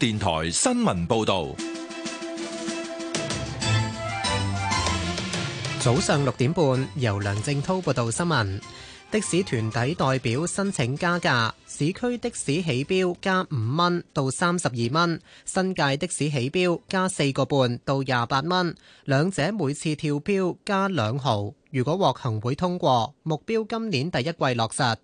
電台新聞報道，早上六點半，由梁正濤報道新聞。的士團體代表申請加價，市區的士起標加五蚊到三十二蚊，新界的士起標加四個半到廿八蚊，兩者每次跳標加兩毫。如果獲行會通過，目標今年第一季落實。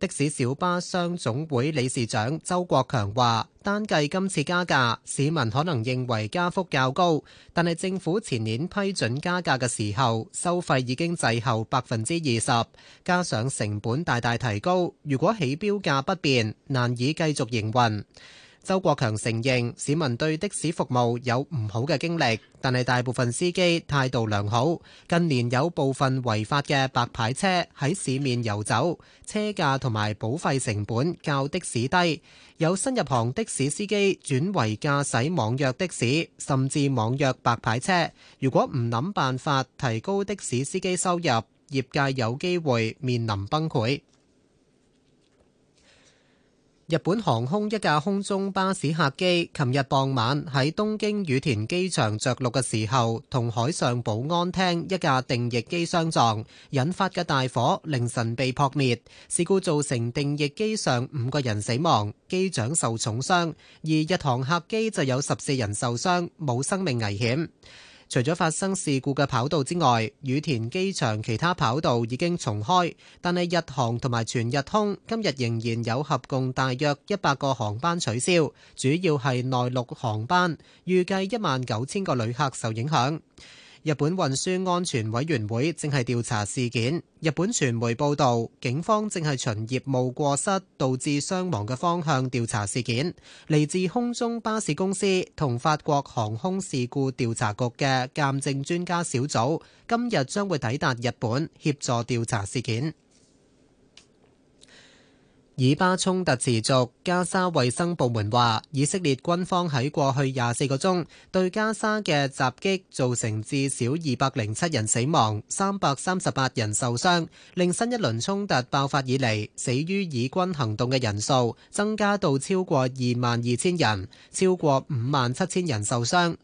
的士小巴商總會理事長周國強話：單計今次加價，市民可能認為加幅較高，但係政府前年批准加價嘅時候，收費已經滯後百分之二十，加上成本大大提高，如果起標價不變，難以繼續營運。周國強承認，市民對的士服務有唔好嘅經歷，但係大部分司機態度良好。近年有部分違法嘅白牌車喺市面遊走，車價同埋保費成本較的士低。有新入行的士司機轉為駕駛網約的士，甚至網約白牌車。如果唔諗辦法提高的士司機收入，業界有機會面臨崩潰。日本航空一架空中巴士客機，琴日傍晚喺東京羽田機場着陸嘅時候，同海上保安廳一架定翼機相撞，引發嘅大火凌晨被撲滅。事故造成定翼機上五個人死亡，機長受重傷，而日航客機就有十四人受傷，冇生命危險。除咗發生事故嘅跑道之外，羽田機場其他跑道已經重開，但係日航同埋全日空今日仍然有合共大約一百個航班取消，主要係內陸航班，預計一萬九千個旅客受影響。日本運輸安全委員會正係調查事件。日本傳媒報道，警方正係循業務過失導致傷亡嘅方向調查事件。嚟自空中巴士公司同法國航空事故調查局嘅鑑證專家小組，今日將會抵達日本協助調查事件。以巴衝突持續，加沙衛生部門話，以色列軍方喺過去廿四個鐘對加沙嘅襲擊造成至少二百零七人死亡、三百三十八人受傷，令新一輪衝突爆發以嚟死於以軍行動嘅人數增加到超過二萬二千人，超過五萬七千人受傷。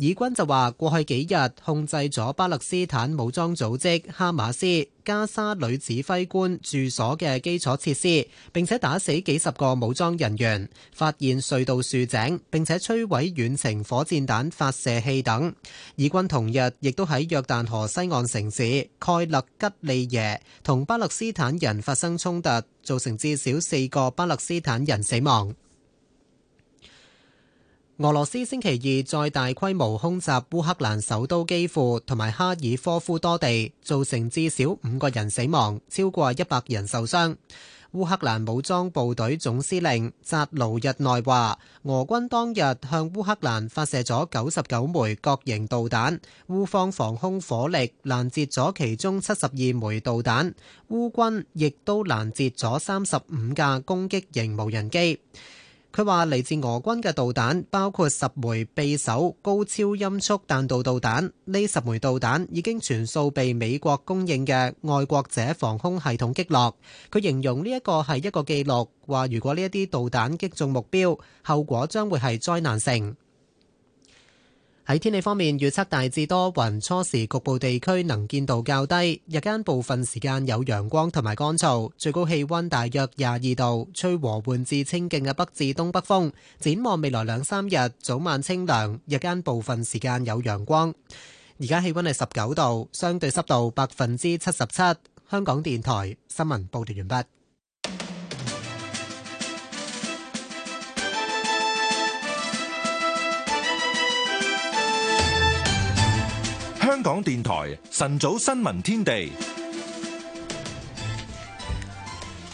以軍就話，過去幾日控制咗巴勒斯坦武裝組織哈馬斯加沙女指揮官住所嘅基礎設施，並且打死幾十個武裝人員，發現隧道、樹井，並且摧毀遠程火箭彈發射器等。以軍同日亦都喺約旦河西岸城市蓋勒吉利耶同巴勒斯坦人發生衝突，造成至少四個巴勒斯坦人死亡。俄羅斯星期二再大規模空襲烏克蘭首都基輔同埋哈爾科夫多地，造成至少五個人死亡，超過一百人受傷。烏克蘭武裝部隊總司令扎盧日內話，俄軍當日向烏克蘭發射咗九十九枚各型導彈，烏方防空火力攔截咗其中七十二枚導彈，烏軍亦都攔截咗三十五架攻擊型無人機。佢話：嚟自俄軍嘅導彈包括十枚匕首高超音速彈道導彈，呢十枚導彈已經全數被美國供應嘅愛國者防空系統擊落。佢形容呢一個係一個記錄，話如果呢一啲導彈擊中目標，後果將會係災難性。喺天氣方面，預測大致多雲，初時局部地區能見度較低，日間部分時間有陽光同埋乾燥，最高氣溫大約廿二度，吹和緩至清勁嘅北至東北風。展望未來兩三日，早晚清涼，日間部分時間有陽光。而家氣溫係十九度，相對濕度百分之七十七。香港電台新聞報道完畢。香港電台晨早新聞天地。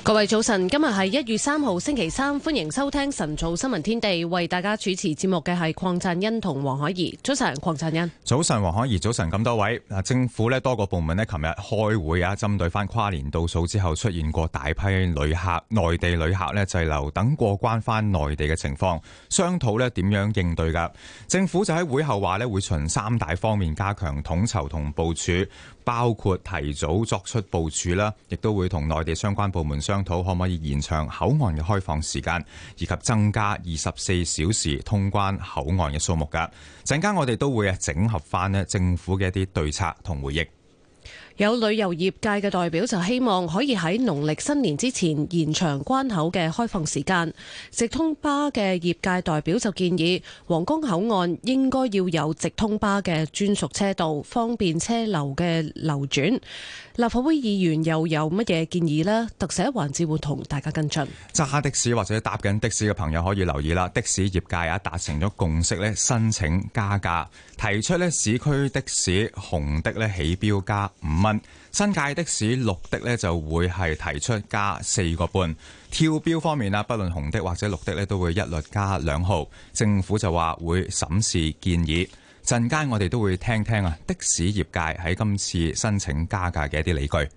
各位早晨，今日係一月三號星期三，歡迎收聽晨早新聞天地。為大家主持節目嘅係鄺贊恩同黃海怡。早晨，鄺贊恩。早晨，黃海怡。早晨，咁多位。啊，政府呢多個部門呢琴日開會啊，針對翻跨年倒數之後出現過大批旅客內地旅客呢滯留等過關翻內地嘅情況，商討呢點樣應對噶。政府就喺會後話呢會循三大方面加強統籌同部署。包括提早作出部署啦，亦都會同內地相關部門商討，可唔可以延長口岸嘅開放時間，以及增加二十四小時通關口岸嘅數目㗎。陣間我哋都會整合翻咧政府嘅一啲對策同回應。有旅遊業界嘅代表就希望可以喺農曆新年之前延長關口嘅開放時間。直通巴嘅業界代表就建議皇崗口岸應該要有直通巴嘅專屬車道，方便車流嘅流轉。立法會議員又有乜嘢建議呢？特寫環節會同大家跟進。揸的士或者搭緊的士嘅朋友可以留意啦，的士業界啊達成咗共識呢，申請加價，提出呢市區的士紅的呢起錶加五。新界的士綠的呢，就會係提出加四個半，跳標方面啊，不論紅的或者綠的呢，都會一律加兩毫。政府就話會審視建議。陣間我哋都會聽聽啊，的士業界喺今次申請加價嘅一啲理據。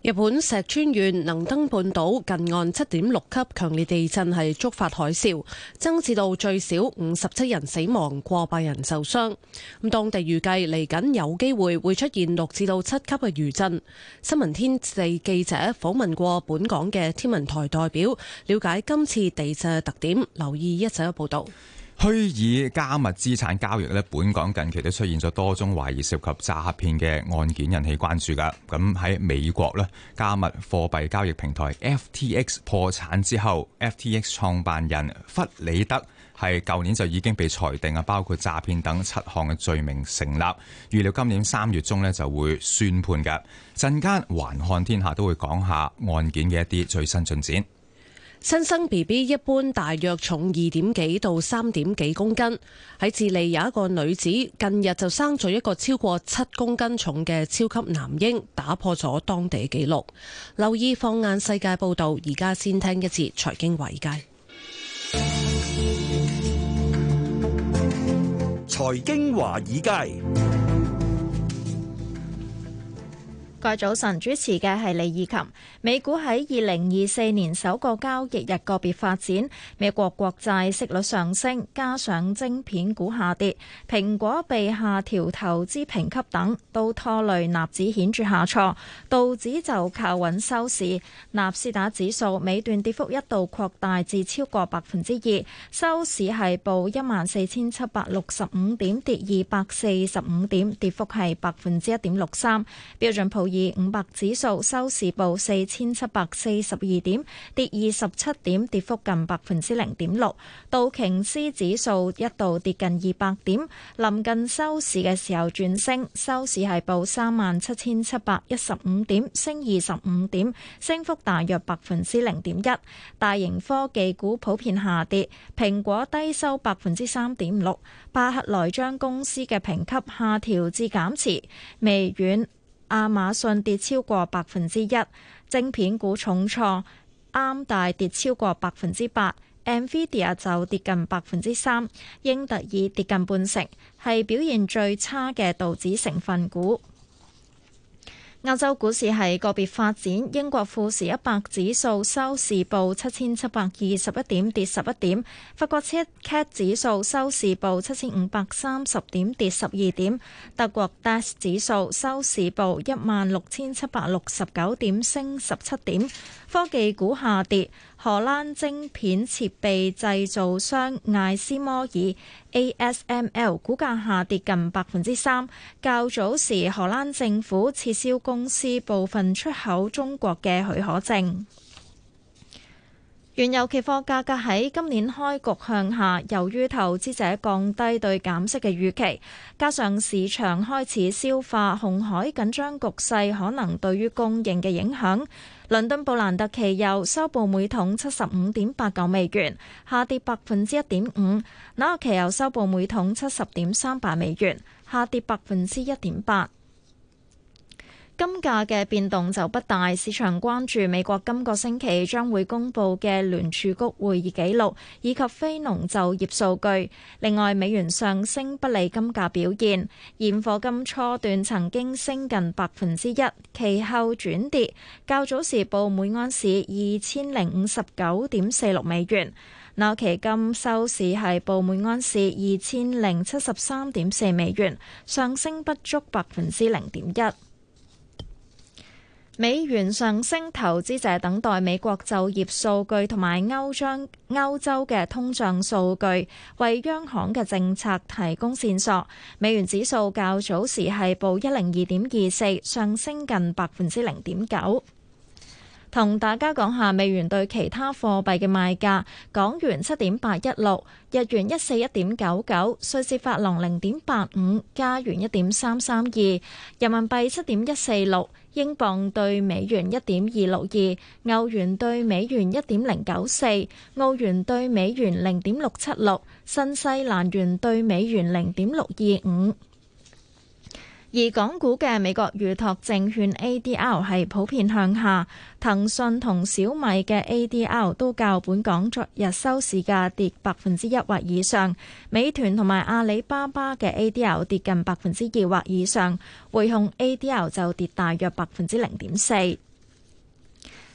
日本石川縣能登半島近岸七點六級強烈地震係觸發海嘯，增至到最少五十七人死亡，過百人受傷。咁當地預計嚟緊有機會會出現六至到七級嘅餘震。新聞天地記者訪問過本港嘅天文台代表，了解今次地震嘅特點，留意一陣嘅報道。虛擬加密資產交易咧，本港近期都出現咗多宗懷疑涉及詐騙嘅案件，引起關注噶。咁喺美國咧，加密貨幣交易平台 FTX 破產之後，FTX 創辦人弗里德係舊年就已經被裁定啊，包括詐騙等七項嘅罪名成立，預料今年三月中咧就會宣判嘅。陣間環看天下都會講下案件嘅一啲最新進展。新生 B B 一般大約重二點幾到三點幾公斤。喺智利有一個女子近日就生咗一個超過七公斤重嘅超級男嬰，打破咗當地紀錄。留意放眼世界報道，而家先聽一節財經華爾街。財經華爾街。各位早晨，主持嘅係李以琴。美股喺二零二四年首個交易日，日個別發展，美國國債息率上升，加上晶片股下跌，蘋果被下調投資評級等，都拖累納指顯著下挫，道指就靠穩收市。納斯達指數尾段跌幅一度擴大至超過百分之二，收市係報一萬四千七百六十五點，跌二百四十五點，跌幅係百分之一點六三。標準普以五百指數收市報四千七百四十二點，跌二十七點，跌幅近百分之零點六。道瓊斯指數一度跌近二百點，臨近收市嘅時候轉升，收市係報三萬七千七百一十五點，升二十五點，升幅大約百分之零點一。大型科技股普遍下跌，蘋果低收百分之三點六。巴克萊將公司嘅評級下調至減持，微軟。亞馬遜跌超過百分之一，晶片股重挫，AMD 跌超過百分之八，Nvidia 就跌近百分之三，英特爾跌近半成，係表現最差嘅道指成分股。歐洲股市係個別發展，英國富時一百指數收市報七千七百二十一點，跌十一點；法國車卡指數收市報七千五百三十點，跌十二點；德國 DAX 指數收市報一萬六千七百六十九點，升十七點。科技股下跌。荷蘭晶片設備製造商艾斯摩爾 （ASML） 股價下跌近百分之三。較早時，荷蘭政府撤銷公司部分出口中國嘅許可證。原油期貨價格喺今年開局向下，由於投資者降低對減息嘅預期，加上市場開始消化紅海緊張局勢可能對於供應嘅影響，倫敦布蘭特期油收報每桶七十五點八九美元，下跌百分之一點五；紐約期油收報每桶七十點三八美元，下跌百分之一點八。金價嘅變動就不大，市場關注美國今個星期將會公布嘅聯儲局會議紀錄以及非農就業數據。另外，美元上升不利金價表現，現貨金初段曾經升近百分之一，其後轉跌。較早時報每安士二千零五十九點四六美元，紐期金收市係報每安士二千零七十三點四美元，上升不足百分之零點一。美元上升，投資者等待美國就業數據同埋歐洲歐洲嘅通脹數據，為央行嘅政策提供線索。美元指數較早時係報一零二點二四，上升近百分之零點九。同大家講下美元對其他貨幣嘅賣價：港元七點八一六，日元一四一點九九，瑞士法郎零點八五，加元一點三三二，人民幣七點一四六。英鎊對美元一點二六二，歐元對美元一點零九四，澳元對美元零點六七六，新西蘭元對美元零點六二五。而港股嘅美國預託證券 ADR 係普遍向下，騰訊同小米嘅 ADR 都較本港昨日收市價跌百分之一或以上，美團同埋阿里巴巴嘅 ADR 跌近百分之二或以上，匯控 ADR 就跌大約百分之零點四。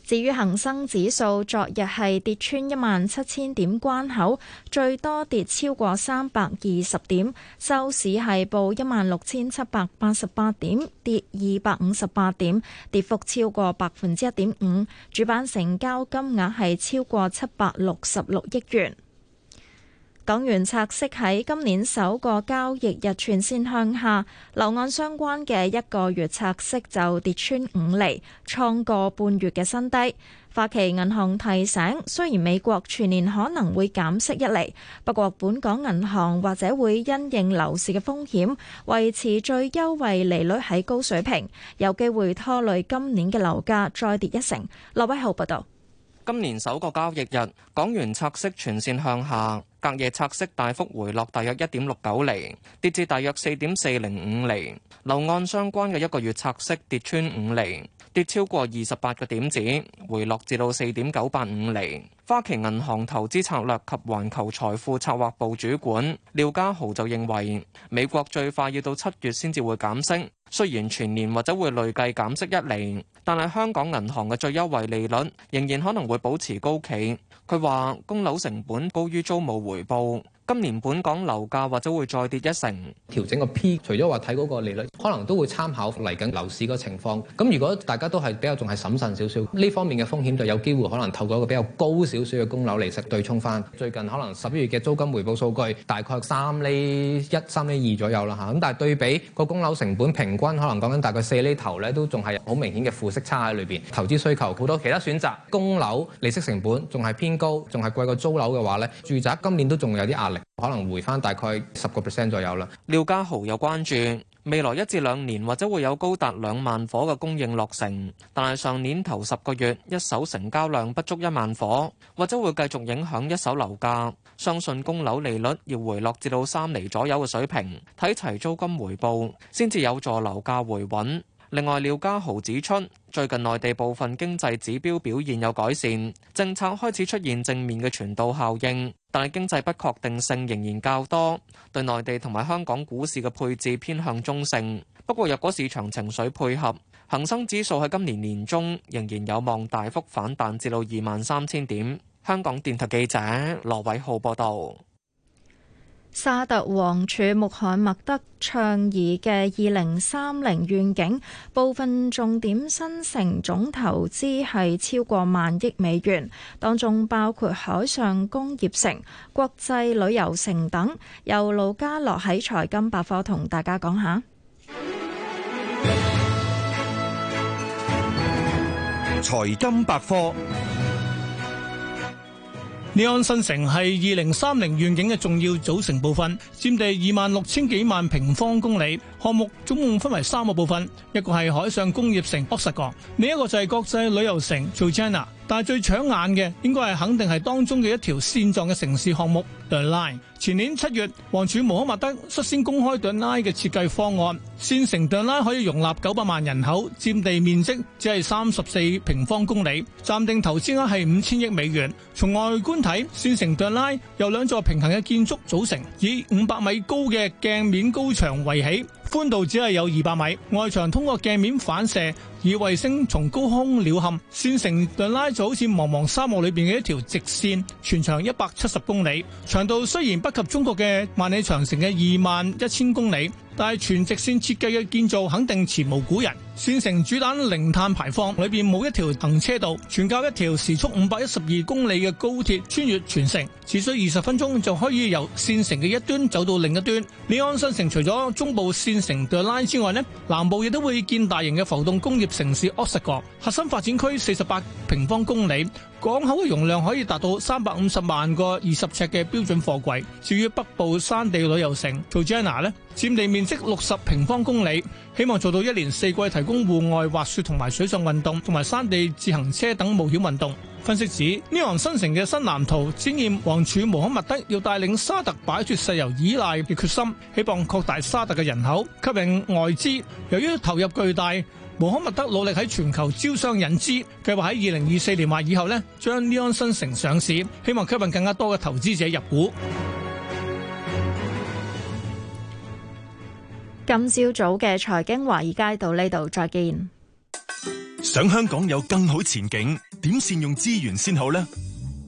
至於恒生指數，昨日係跌穿一萬七千點關口，最多跌超過三百二十點，收市係報一萬六千七百八十八點，跌二百五十八點，跌幅超過百分之一點五。主板成交金額係超過七百六十六億元。港元拆息喺今年首個交易日全線向下，樓按相關嘅一個月拆息就跌穿五厘，創過半月嘅新低。花旗銀行提醒，雖然美國全年可能會減息一厘，不過本港銀行或者會因應樓市嘅風險，維持最優惠利率喺高水平，有機會拖累今年嘅樓價再跌一成。劉威豪報道，今年首個交易日，港元拆息全線向下。隔夜拆息大幅回落，大約一點六九厘，跌至大約四點四零五厘。樓按相關嘅一個月拆息跌穿五厘，跌超過二十八個點子，回落至到四點九八五厘。花旗銀行投資策略及環球財富策劃部主管廖家豪就認為，美國最快要到七月先至會減息。雖然全年或者會累計減息一釐，但係香港銀行嘅最優惠利率仍然可能會保持高企。佢話供樓成本高於租務回報。今年本港樓價或者會再跌一成，調整個 P，除咗話睇嗰個利率，可能都會參考嚟緊樓市個情況。咁如果大家都係比較仲係審慎少少，呢方面嘅風險就有機會可能透過一個比較高少少嘅供樓利息對沖翻。最近可能十一月嘅租金回報數據大概三厘一、三厘二左右啦嚇。咁但係對比個供樓成本平均可能講緊大概四厘頭咧，都仲係好明顯嘅負息差喺裏邊。投資需求好多其他選擇，供樓利息成本仲係偏高，仲係貴過租樓嘅話咧，住宅今年都仲有啲壓力。可能回翻大概十個 percent 左右啦。廖家豪又關注未來一至兩年或者會有高達兩萬伙嘅供應落成，但係上年頭十個月一手成交量不足一萬伙，或者會繼續影響一手樓價，相信供樓利率要回落至到三厘左右嘅水平，睇齊租金回報先至有助樓價回穩。另外，廖家豪指出，最近內地部分經濟指標表現有改善，政策開始出現正面嘅傳導效應，但係經濟不確定性仍然較多，對內地同埋香港股市嘅配置偏向中性。不過若果市場情緒配合，恒生指數喺今年年中仍然有望大幅反彈至到二萬三千點。香港電台記者羅偉浩報道。沙特王儲穆罕默德倡議嘅二零三零願景，部分重點新城總投資係超過萬億美元，當中包括海上工業城、國際旅遊城等。由盧嘉樂喺財金百科同大家講下，財金百科。利安新城係二零三零願景嘅重要組成部分，佔地二萬六千幾萬平方公里。項目總共分為三個部分，一個係海上工業城 Oxagon，另一個就係國際旅遊城 Trojena，但係最搶眼嘅應該係肯定係當中嘅一條綫狀嘅城市項目。頓拉，前年七月，王儲穆罕默德率先公開頓拉嘅設計方案。線城頓拉可以容納九百萬人口，占地面積只係三十四平方公里。暫定投資額係五千億美元。從外觀睇，線城頓拉由兩座平行嘅建築組成，以五百米高嘅鏡面高牆圍起，寬度只係有二百米。外牆通過鏡面反射，以衛星從高空鳥瞰，線城頓拉就好似茫茫沙漠裏邊嘅一條直線，全長一百七十公里。長度雖然不及中國嘅萬里長城嘅二萬一千公里，但係全直綫設計嘅建造肯定前無古人。綫城主打零碳排放，裏邊冇一條行車道，全靠一條時速五百一十二公里嘅高鐵穿越全城，只需二十分鐘就可以由綫城嘅一端走到另一端。李安新城除咗中部綫城 The Line 之外，呢南部亦都會建大型嘅浮動工業城市 Oxagon，核心發展區四十八平方公里。港口嘅容量可以達到三百五十萬個二十尺嘅標準貨櫃，至於北部山地旅遊城 Trojena 咧，佔地面積六十平方公里，希望做到一年四季提供戶外滑雪同埋水上運動同埋山地自行車等冒險運動。分析指呢項新城嘅新藍圖展現王儲穆罕默德要帶領沙特擺脫石油依賴嘅決心，希望擴大沙特嘅人口，吸引外資，由於投入巨大。穆罕默德努力喺全球招商引資，計劃喺二零二四年或以後咧，將呢安新城上市，希望吸引更加多嘅投資者入股。今朝早嘅財經華爾街到呢度再見。想香港有更好前景，點善用資源先好咧？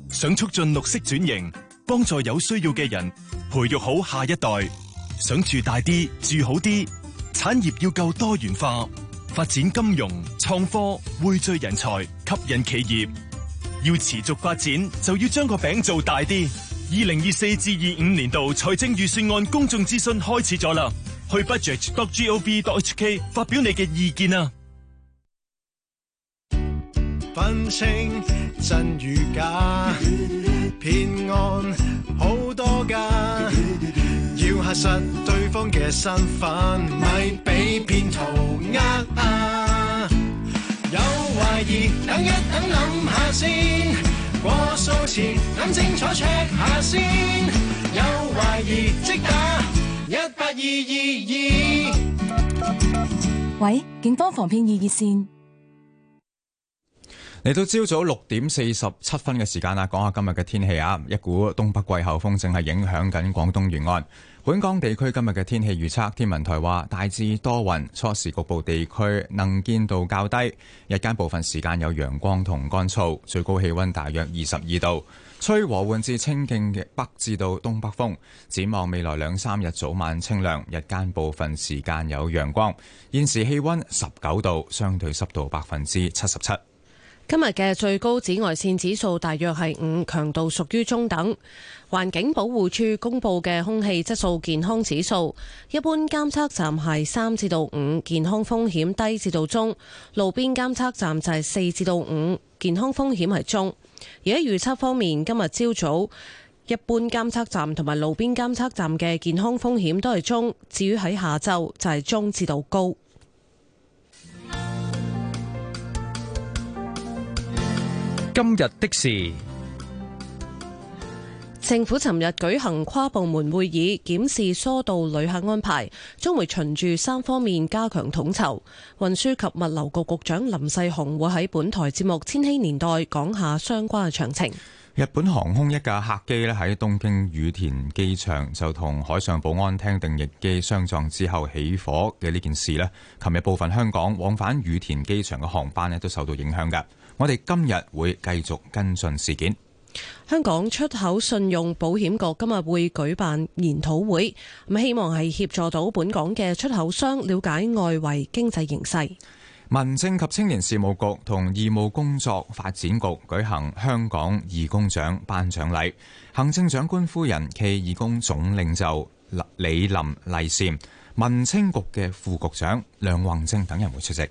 想促進綠色轉型，幫助有需要嘅人，培育好下一代，想住大啲，住好啲，產業要夠多元化。發展金融、創科、匯聚人才、吸引企業，要持續發展就要將個餅做大啲。二零二四至二五年度財政預算案公眾諮詢開始咗啦，去 budget.gov.hk 發表你嘅意見啊！分清真與假，騙案 好多㗎。實對方嘅身份，咪俾騙徒呃啊！有懷疑，等一等諗下先。過數前諗清楚 check 下先。有懷疑即打一八二二二。喂，警方防騙易熱線。嚟到朝早六點四十七分嘅時間喇，講下今日嘅天氣啊，一股東北季候風正係影響緊廣東沿岸。本港地區今日嘅天氣預測，天文台話大致多雲，初時局部地區能見度較低，日間部分時間有陽光同乾燥，最高氣溫大約二十二度，吹和緩至清勁嘅北至到東北風。展望未來兩三日早晚清涼，日間部分時間有陽光。現時氣溫十九度，相對濕度百分之七十七。今日嘅最高紫外線指數大約係五，強度屬於中等。環境保護署公布嘅空氣質素健康指數，一般監測站係三至到五，健康風險低至到中；路邊監測站就係四至到五，健康風險係中。而喺預測方面，今日朝早一般監測站同埋路邊監測站嘅健康風險都係中，至於喺下晝就係、是、中至到高。今日的事。政府尋日舉行跨部門會議，檢視疏導旅客安排，將會循住三方面加強統籌。運輸及物流局局長林世雄會喺本台節目《千禧年代》講下相關嘅詳情。日本航空一架客機咧喺東京羽田機場就同海上保安廳定翼機相撞之後起火嘅呢件事呢，琴日部分香港往返羽田機場嘅航班咧都受到影響嘅。我哋今日會繼續跟進事件。香港出口信用保險局今日會舉辦研討會，咁希望係協助到本港嘅出口商了解外圍經濟形勢。民政及青年事務局同義務工作發展局舉行香港義工獎頒獎禮，行政長官夫人暨義工總領袖李林麗嬋，民青局嘅副局長梁宏正等人會出席。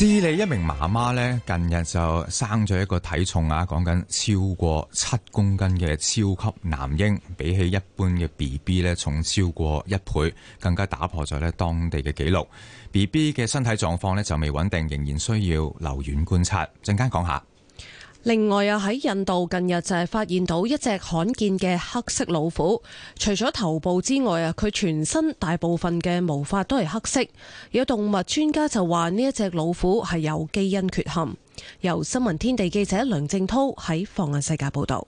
智利一名媽媽咧近日就生咗一個體重啊，講緊超過七公斤嘅超級男嬰，比起一般嘅 BB 咧重超過一倍，更加打破咗咧當地嘅紀錄。BB 嘅身體狀況咧就未穩定，仍然需要留院觀察。陣間講下。另外啊，喺印度近日就係發現到一隻罕見嘅黑色老虎，除咗頭部之外啊，佢全身大部分嘅毛發都係黑色。有動物專家就話呢一隻老虎係有基因缺陷。由新聞天地記者梁正濤喺放眼世界報道。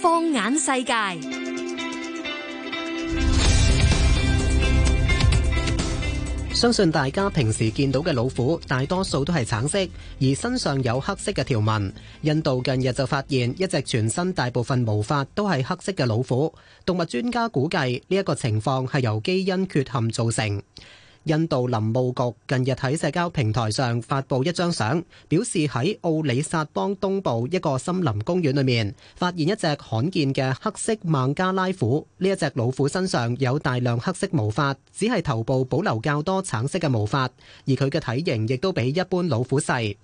放眼世界。相信大家平時見到嘅老虎大多數都係橙色，而身上有黑色嘅條紋。印度近日就發現一隻全身大部分毛髮都係黑色嘅老虎，動物專家估計呢個情況係由基因缺陷造成。印度林務局近日喺社交平台上發布一張相，表示喺奧里薩邦東部一個森林公園裏面，發現一隻罕見嘅黑色孟加拉虎。呢一隻老虎身上有大量黑色毛髮，只係頭部保留較多橙色嘅毛髮，而佢嘅體型亦都比一般老虎細。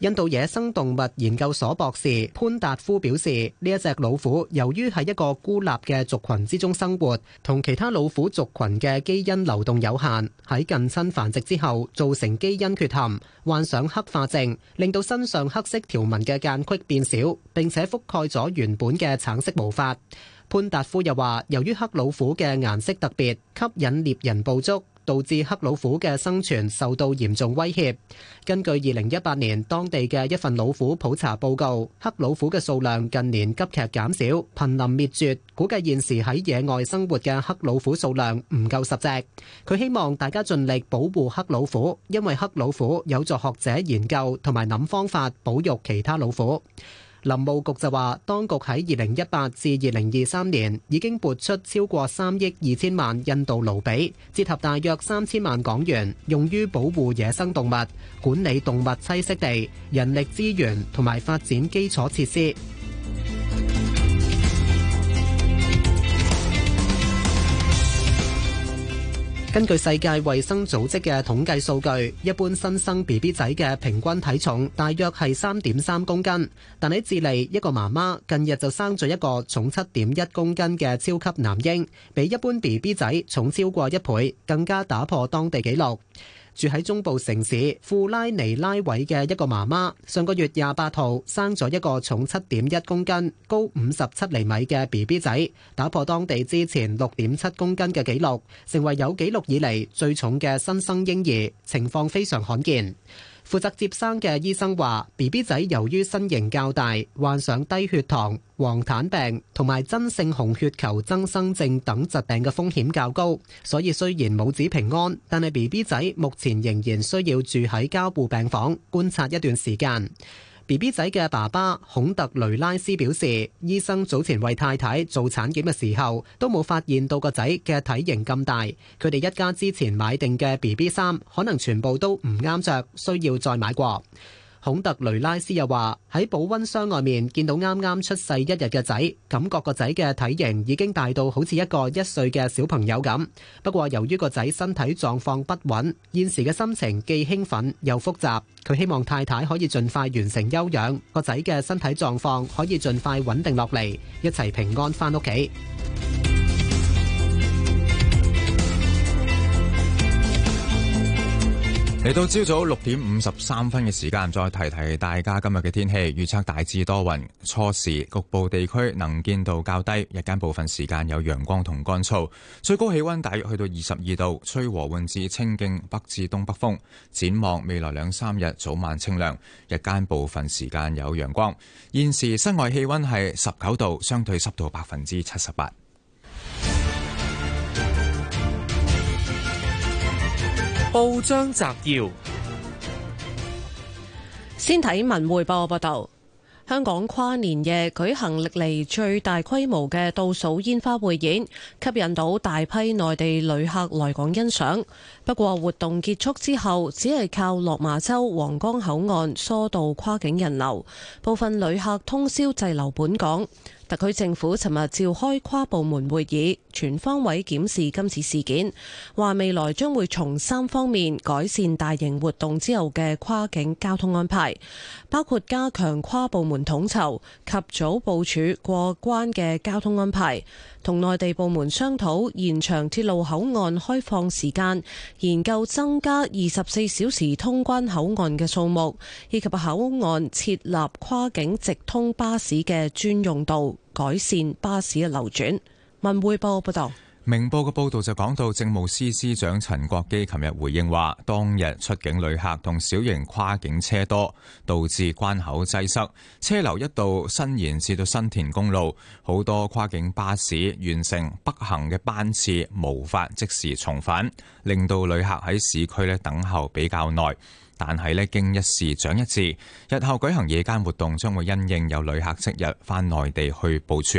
印度野生動物研究所博士潘達夫表示，呢一隻老虎由於喺一個孤立嘅族群之中生活，同其他老虎族群嘅基因流動有限，喺近親繁殖之後造成基因缺陷、患上黑化症，令到身上黑色條紋嘅間隙變少，並且覆蓋咗原本嘅橙色毛髮。潘達夫又話，由於黑老虎嘅顏色特別，吸引獵人捕捉。導致黑老虎嘅生存受到嚴重威脅。根據二零一八年當地嘅一份老虎普查報告，黑老虎嘅數量近年急劇減少，瀕臨滅絕。估計現時喺野外生活嘅黑老虎數量唔夠十隻。佢希望大家盡力保護黑老虎，因為黑老虎有助學者研究同埋諗方法保育其他老虎。林務局就話，當局喺二零一八至二零二三年已經撥出超過三億二千萬印度盧比，折合大約三千萬港元，用於保護野生動物、管理動物棲息地、人力資源同埋發展基礎設施。根據世界衛生組織嘅統計數據，一般新生 B B 仔嘅平均體重大約係三點三公斤。但喺智利，一個媽媽近日就生咗一個重七點一公斤嘅超級男嬰，比一般 B B 仔重超過一倍，更加打破當地紀錄。住喺中部城市富拉尼拉位嘅一個媽媽，上個月廿八號生咗一個重七點一公斤、高五十七厘米嘅 B B 仔，打破當地之前六點七公斤嘅紀錄，成為有紀錄以嚟最重嘅新生嬰兒，情況非常罕見。負責接生嘅醫生話：BB 仔由於身形較大，患上低血糖、黃疸病同埋真性紅血球增生症等疾病嘅風險較高，所以雖然母子平安，但係 BB 仔目前仍然需要住喺交護病房觀察一段時間。B B 仔嘅爸爸孔特雷拉斯表示，醫生早前為太太做產檢嘅時候，都冇發現到個仔嘅體型咁大。佢哋一家之前買定嘅 B B 衫，可能全部都唔啱着，需要再買過。孔特雷拉斯又話：喺保温箱外面見到啱啱出世一日嘅仔，感覺個仔嘅體型已經大到好似一個一歲嘅小朋友咁。不過由於個仔身體狀況不穩，現時嘅心情既興奮又複雜。佢希望太太可以盡快完成休養，個仔嘅身體狀況可以盡快穩定落嚟，一齊平安返屋企。嚟到朝早六點五十三分嘅時間，再提提大家今日嘅天氣預測，大致多雲，初時局部地區能見度較低，日間部分時間有陽光同乾燥，最高氣溫大約去到二十二度，吹和緩至清勁北至東北風。展望未來兩三日早晚清涼，日間部分時間有陽光。現時室外氣溫係十九度，相對濕度百分之七十八。報章摘要：先睇文匯報報道，香港跨年夜舉行歷嚟最大規模嘅倒數煙花匯演，吸引到大批內地旅客來港欣賞。不過活動結束之後，只係靠落馬洲皇崗口岸疏導跨境人流，部分旅客通宵滯留本港。特區政府尋日召開跨部門會議，全方位檢視今次事件，話未來將會從三方面改善大型活動之後嘅跨境交通安排，包括加強跨部門統籌及早部署過關嘅交通安排，同內地部門商討延長鐵路口岸開放時間，研究增加二十四小時通關口岸嘅數目，以及口岸設立跨境直通巴士嘅專用道。改善巴士嘅流轉。文匯報報道，明報嘅報道就講到，政務司司長陳國基琴日回應話，當日出境旅客同小型跨境車多，導致關口擠塞，車流一度伸延至到新田公路，好多跨境巴士完成北行嘅班次，無法即時重返，令到旅客喺市區咧等候比較耐。但係呢，經一事長一智，日後舉行夜間活動將會因應有旅客即日返內地去部署。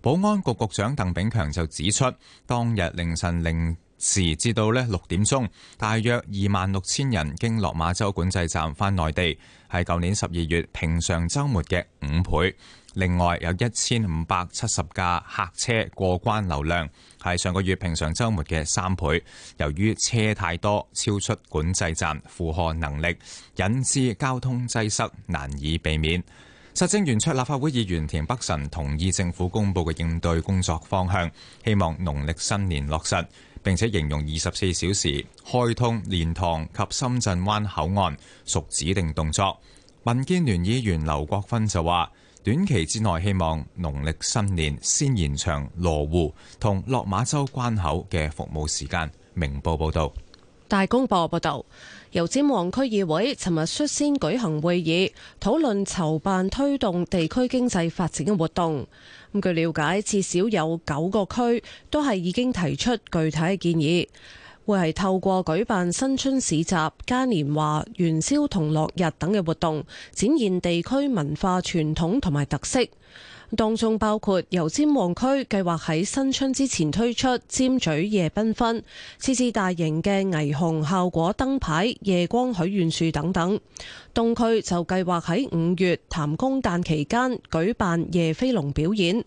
保安局局長鄧炳強就指出，當日凌晨零時至到咧六點鐘，大約二萬六千人經落馬洲管制站返內地，係舊年十二月平常週末嘅五倍。另外有一千五百七十架客車過關，流量係上個月平常週末嘅三倍。由於車太多，超出管制站負荷能力，引致交通擠塞，難以避免。實政圓桌立法會議員田北辰同意政府公佈嘅應對工作方向，希望農曆新年落實。並且形容二十四小時開通蓮塘及深圳灣口岸屬指定動作。民建聯議員劉國勳就話：短期之內希望農曆新年先延長羅湖同落馬洲關口嘅服務時間。明報報道。《大公報》報道：油尖旺區議會尋日率先舉行會議，討論籌辦推動地區經濟發展嘅活動。咁據了解，至少有九個區都係已經提出具體嘅建議，會係透過舉辦新春市集、嘉年華、元宵同落日等嘅活動，展現地區文化傳統同埋特色。當中包括油尖旺區計劃喺新春之前推出尖咀夜繽紛、設置大型嘅霓虹效果燈牌、夜光許願樹等等；東區就計劃喺五月譚公誕期間舉辦夜飛龍表演；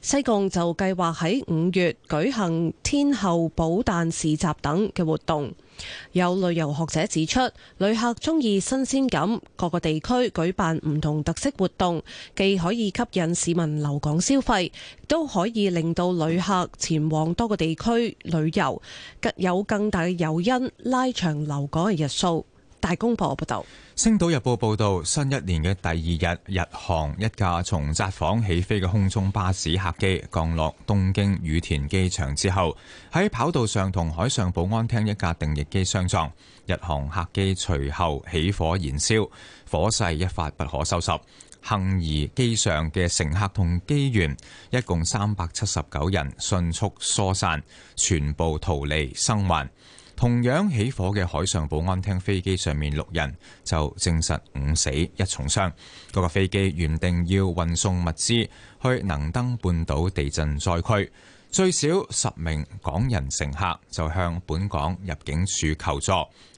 西貢就計劃喺五月舉行天后寶誕市集等嘅活動。有旅遊學者指出，旅客鍾意新鮮感，各個地區舉辦唔同特色活動，既可以吸引市民留港消費，都可以令到旅客前往多個地區旅遊，更有更大嘅誘因，拉長留港嘅日數。大公報報道，《星島日報》報道，新一年嘅第二日，日航一架從札幌起飛嘅空中巴士客機降落東京羽田機場之後，喺跑道上同海上保安廳一架定翼機相撞，日航客機隨後起火燃燒，火勢一發不可收拾，幸而機上嘅乘客同機員一共三百七十九人迅速疏散，全部逃離生還。同樣起火嘅海上保安廳飛機上面六人就證實五死一重傷。嗰架飛機原定要運送物資去能登半島地震災區，最少十名港人乘客就向本港入境處求助。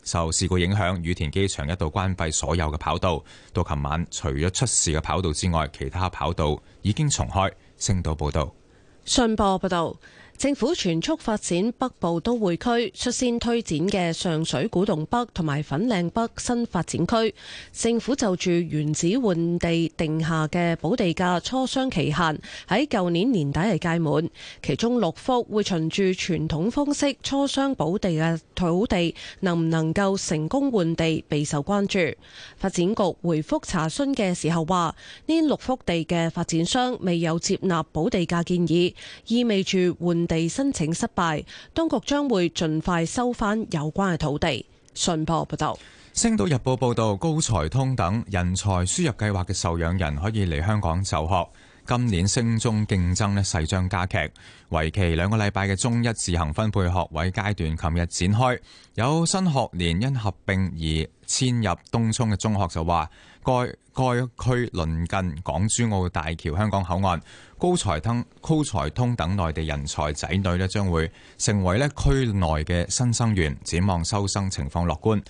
受事故影響，羽田機場一度關閉所有嘅跑道，到琴晚除咗出事嘅跑道之外，其他跑道已經重開。星島報道，信報報道。政府全速發展北部都會區，率先推展嘅上水古洞北同埋粉嶺北新發展區。政府就住原址換地定下嘅保地價磋商期限喺舊年年底係屆滿，其中六幅會循住傳統方式磋商保地嘅土地，能唔能夠成功換地備受關注。發展局回覆查詢嘅時候話，呢六幅地嘅發展商未有接納保地價建議，意味住換。地申請失敗，當局將會盡快收翻有關嘅土地。信報報道，《星島日報》報道，高才通等人才輸入計劃嘅受養人可以嚟香港就學。今年升中競爭呢勢將加劇，為期兩個禮拜嘅中一自行分配學位階段，琴日展開，有新學年因合併而遷入東涌嘅中學就話，該該區鄰近港珠澳大橋香港口岸，高才通、高才通等內地人才仔女呢，將會成為呢區內嘅新生源，展望收生情況樂觀。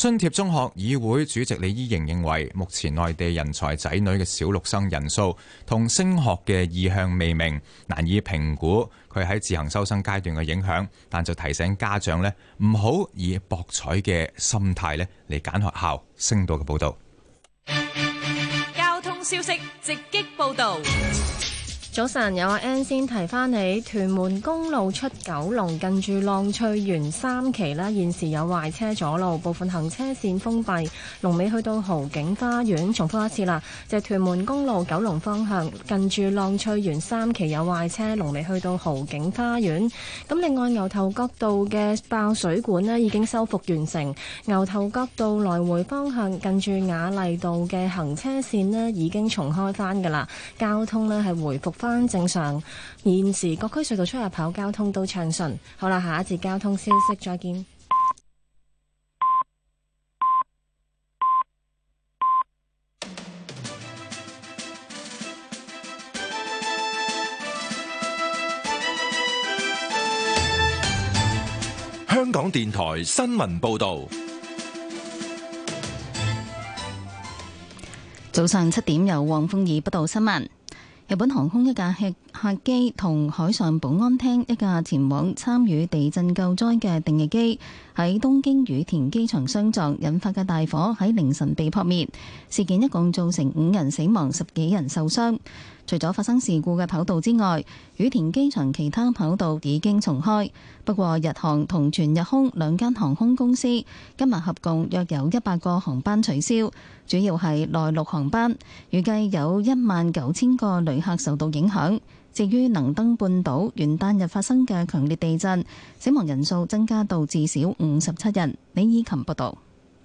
津貼中學議會主席李依瑩認為，目前內地人才仔女嘅小六生人數同升學嘅意向未明，難以評估佢喺自行收生階段嘅影響。但就提醒家長咧，唔好以博彩嘅心態咧嚟揀學校星。星島嘅報道。交通消息直擊報道。早晨，有阿 N 先提翻你屯門公路出九龍近住浪翠園三期咧，現時有壞車阻路，部分行車線封閉。龍尾去到豪景花園，重複一次啦，就係屯門公路九龍方向近住浪翠園三期有壞車，龍尾去到豪景花園。咁另外牛頭角道嘅爆水管呢已經修復完成，牛頭角道來回方向近住雅麗道嘅行車線呢已經重開返噶啦，交通呢係回復。翻正常，現時各區隧道出入口交通都暢順。好啦，下一節交通消息，再見。香港電台新聞報道早上七點，由黃鳳儀報道新聞。日本航空一架客客機同海上保安廳一架前往參與地震救災嘅定翼機喺東京羽田機場相撞，引發嘅大火喺凌晨被撲滅。事件一共造成五人死亡，十幾人受傷。除咗發生事故嘅跑道之外，羽田機場其他跑道已經重開。不過，日航同全日空兩間航空公司今日合共約有一百個航班取消，主要係內陸航班，預計有一萬九千個旅客受到影響。至於能登半島元旦日發生嘅強烈地震，死亡人數增加到至，至少五十七人。李以琴報道。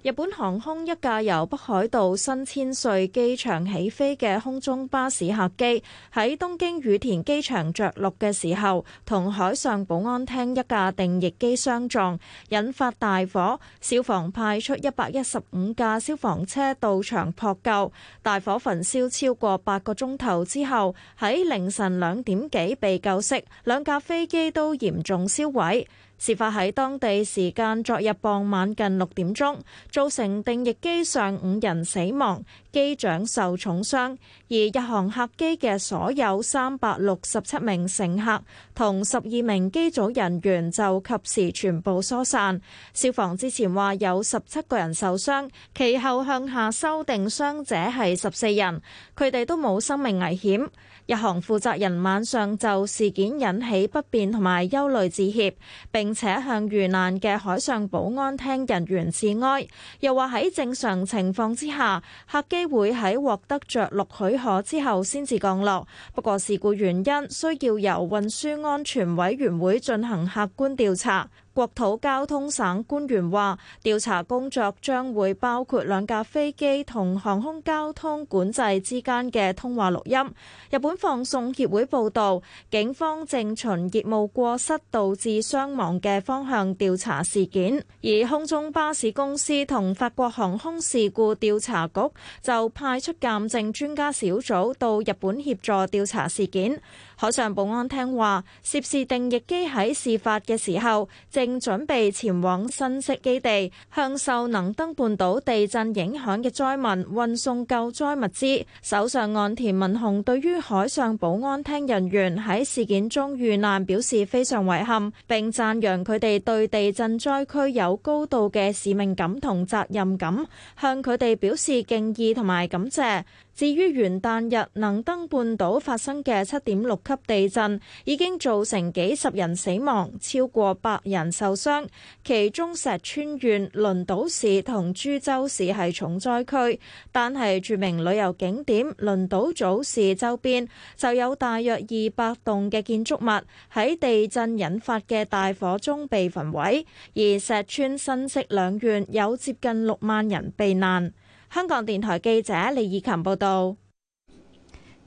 日本航空一架由北海道新千歲機場起飛嘅空中巴士客機喺東京羽田機場着陸嘅時候，同海上保安廳一架定翼機相撞，引發大火。消防派出一百一十五架消防車到場撲救，大火焚燒超過八個鐘頭之後，喺凌晨兩點幾被救熄。兩架飛機都嚴重燒毀。事發喺當地時間昨日傍晚近六點鐘，造成定翼機上五人死亡。機長受重傷，而日航客機嘅所有三百六十七名乘客同十二名機組人員就及時全部疏散。消防之前話有十七個人受傷，其後向下修訂傷者係十四人，佢哋都冇生命危險。日航負責人晚上就事件引起不便同埋憂慮致歉，並且向遇難嘅海上保安廳人員致哀，又話喺正常情況之下，客機。會喺獲得着陸許可之後先至降落。不過事故原因需要由運輸安全委員會進行客觀調查。國土交通省官員話，調查工作將會包括兩架飛機同航空交通管制之間嘅通話錄音。日本放送協會報道，警方正循業務過失導致傷亡嘅方向調查事件，而空中巴士公司同法國航空事故調查局就派出鑒證專家小組到日本協助調查事件。海上保安廳話，涉事定翼機喺事發嘅時候正準備前往新潟基地，向受能登半島地震影響嘅災民運送救災物資。首相岸田文雄對於海上保安廳人員喺事件中遇難表示非常遺憾，並讚揚佢哋對地震災區有高度嘅使命感同責任感，向佢哋表示敬意同埋感謝。至於元旦日能登半島發生嘅七點六級地震，已經造成幾十人死亡，超過百人受傷，其中石川縣輪島市同珠洲市係重災區。但係著名旅遊景點輪島朝市周邊就有大約二百棟嘅建築物喺地震引發嘅大火中被焚毀，而石川新潟兩縣有接近六萬人避難。香港電台記者李以琴報道，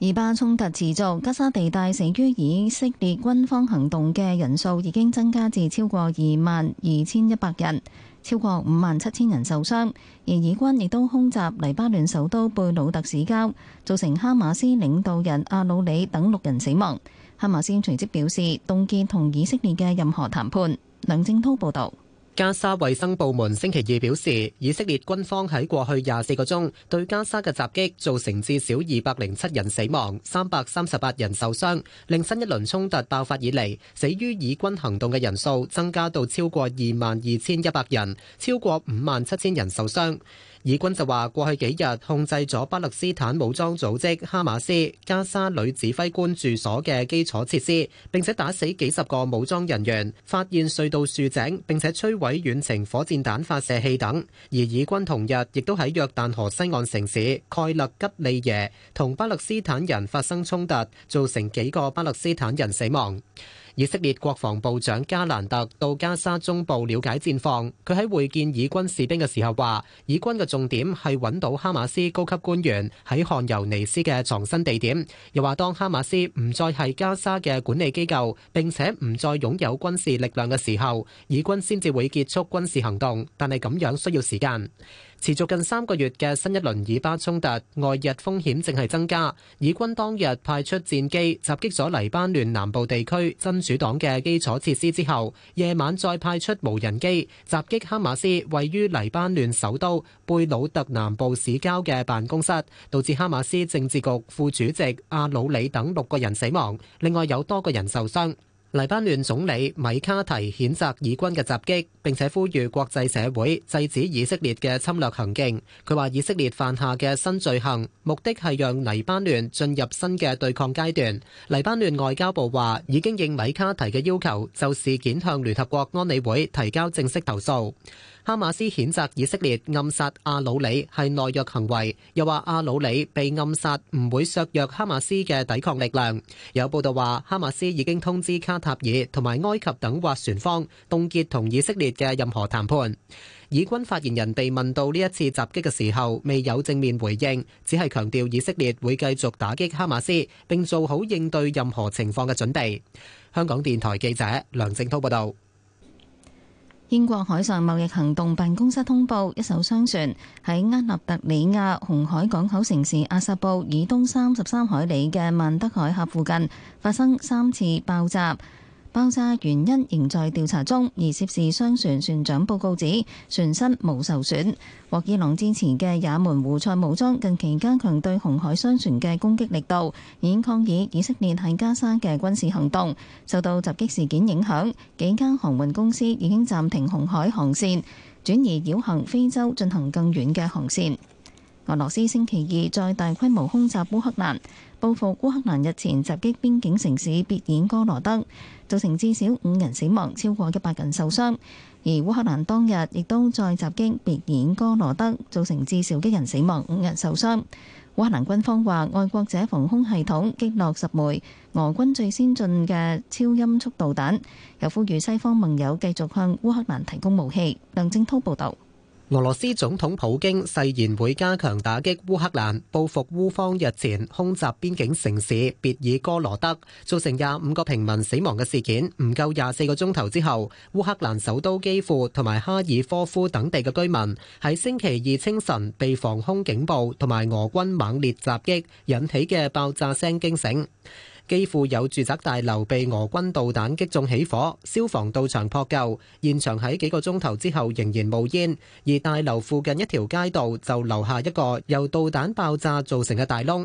以巴衝突持續，加沙地帶死於以色列軍方行動嘅人數已經增加至超過二萬二千一百人，超過五萬七千人受傷，而以軍亦都空襲黎巴嫩首都貝魯特市郊，造成哈馬斯領導人阿魯里等六人死亡。哈馬斯隨即表示凍結同以色列嘅任何談判。梁正濤報道。加沙衛生部門星期二表示，以色列軍方喺過去廿四個鐘對加沙嘅襲擊造成至少二百零七人死亡、三百三十八人受傷，令新一輪衝突爆發以嚟死於以軍行動嘅人數增加到超過二萬二千一百人，超過五萬七千人受傷。以軍就話，過去幾日控制咗巴勒斯坦武裝組織哈馬斯加沙女指揮官住所嘅基礎設施，並且打死幾十個武裝人員，發現隧道、豎井，並且摧毀遠程火箭彈發射器等。而以軍同日亦都喺約旦河西岸城市蓋勒吉利耶同巴勒斯坦人發生衝突，造成幾個巴勒斯坦人死亡。以色列國防部長加蘭特到加沙中部了解戰況。佢喺會見以軍士兵嘅時候話，以軍嘅重點係揾到哈馬斯高級官員喺汗尤尼斯嘅藏身地點。又話當哈馬斯唔再係加沙嘅管理機構，並且唔再擁有軍事力量嘅時候，以軍先至會結束軍事行動。但係咁樣需要時間。持續近三個月嘅新一輪以巴衝突,外日風險正係增加。以軍當日派出戰機,襲擊咗黎巴嫩南部地區真主黨嘅基礎設施之後,夜晚再派出無人機,襲擊哈馬斯位於黎巴嫩首都貝魯特南部市郊嘅辦公室,導致哈馬斯政治局副主席阿魯里等六個人死亡,另外有多個人受傷。黎巴嫩總理米卡提譴責以軍嘅襲擊。並且呼籲國際社會制止以色列嘅侵略行徑。佢話以色列犯下嘅新罪行，目的係讓黎巴嫩進入新嘅對抗階段。黎巴嫩外交部話已經應米卡提嘅要求，就事件向聯合國安理會提交正式投訴。哈馬斯譴責以色列暗殺阿魯里係懦弱行為，又話阿魯里被暗殺唔會削弱哈馬斯嘅抵抗力量。有報道話哈馬斯已經通知卡塔爾同埋埃及等斡旋方，凍結同以色列嘅任何談判，以軍發言人被問到呢一次襲擊嘅時候，未有正面回應，只係強調以色列會繼續打擊哈馬斯，並做好應對任何情況嘅準備。香港電台記者梁正滔報道。英國海上貿易行動辦公室通報，一艘商船喺厄立特里亞紅海港口城市阿薩布以東三十三海里嘅曼德海峽附近發生三次爆炸。爆炸原因仍在調查中，而涉事商船船長報告指船身無受損。獲伊朗支持嘅也門胡塞武裝近期加強對紅海商船嘅攻擊力度，已經抗議以色列喺加沙嘅軍事行動，受到襲擊事件影響，幾間航運公司已經暫停紅海航線，轉移繞行非洲進行更遠嘅航線。俄羅斯星期二再大規模空襲烏克蘭，報復烏克蘭日前襲擊邊境城市別爾哥羅德，造成至少五人死亡，超過一百人受傷。而烏克蘭當日亦都再襲擊別爾哥羅德，造成至少一人死亡，五人受傷。烏克蘭軍方話，愛國者防空系統擊落十枚俄軍最先進嘅超音速導彈，又呼籲西方盟友繼續向烏克蘭提供武器。梁正濤報道。俄羅斯總統普京誓言會加強打擊烏克蘭，報復烏方日前空襲邊境城市別爾哥羅德，造成廿五個平民死亡嘅事件。唔夠廿四個鐘頭之後，烏克蘭首都基輔同埋哈爾科夫等地嘅居民喺星期二清晨被防空警報同埋俄軍猛烈襲擊引起嘅爆炸聲驚醒。幾乎有住宅大樓被俄軍導彈擊中起火，消防到場撲救，現場喺幾個鐘頭之後仍然冒煙，而大樓附近一條街道就留下一個由導彈爆炸造成嘅大窿。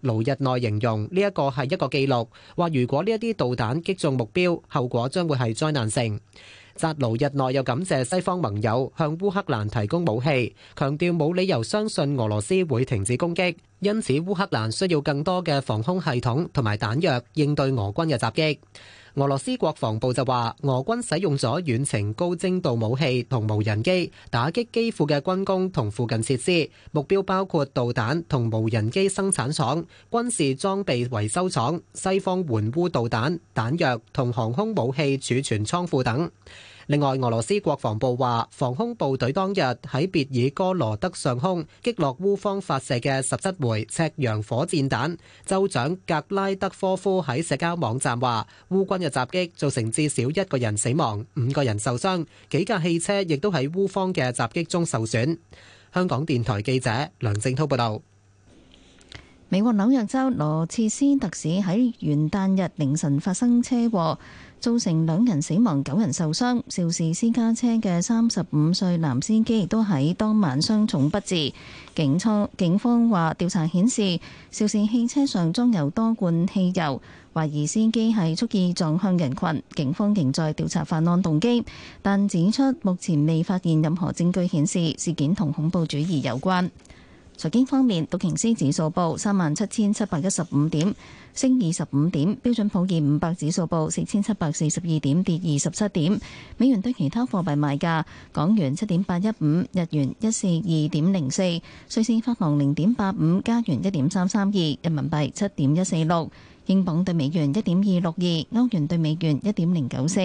盧日內形容呢一個係一個記錄，話如果呢一啲導彈擊中目標，後果將會係災難性。扎盧日內又感謝西方盟友向烏克蘭提供武器，強調冇理由相信俄羅斯會停止攻擊，因此烏克蘭需要更多嘅防空系統同埋彈藥應對俄軍嘅襲擊。俄羅斯國防部就話，俄軍使用咗遠程高精度武器同無人機，打擊機庫嘅軍工同附近設施，目標包括導彈同無人機生產廠、軍事裝備維修廠、西方援烏導彈、彈藥同航空武器儲存倉庫等。另外，俄羅斯國防部話，防空部隊當日喺別爾哥羅德上空擊落烏方發射嘅十七枚赤楊火箭彈。州長格拉德科夫喺社交網站話，烏軍嘅襲擊造成至少一個人死亡，五個人受傷，幾架汽車亦都喺烏方嘅襲擊中受損。香港電台記者梁正滔報道。美國紐約州羅切斯特市喺元旦日凌晨發生車禍，造成兩人死亡，九人受傷。肇事私家車嘅三十五歲男司機亦都喺當晚傷重不治。警方警方話調查顯示，肇事汽車上裝有多罐汽油，懷疑司機係蓄意撞向人群。警方仍在調查犯案動機，但指出目前未發現任何證據顯示事件同恐怖主義有關。財經方面，道瓊斯指數報三萬七千七百一十五點，升二十五點；標準普爾五百指數報四千七百四十二點，跌二十七點。美元對其他貨幣賣價：港元七點八一五，日元一四二點零四，瑞士法郎零點八五，加元一點三三二，人民幣七點一四六，英鎊對美元一點二六二，歐元對美元一點零九四，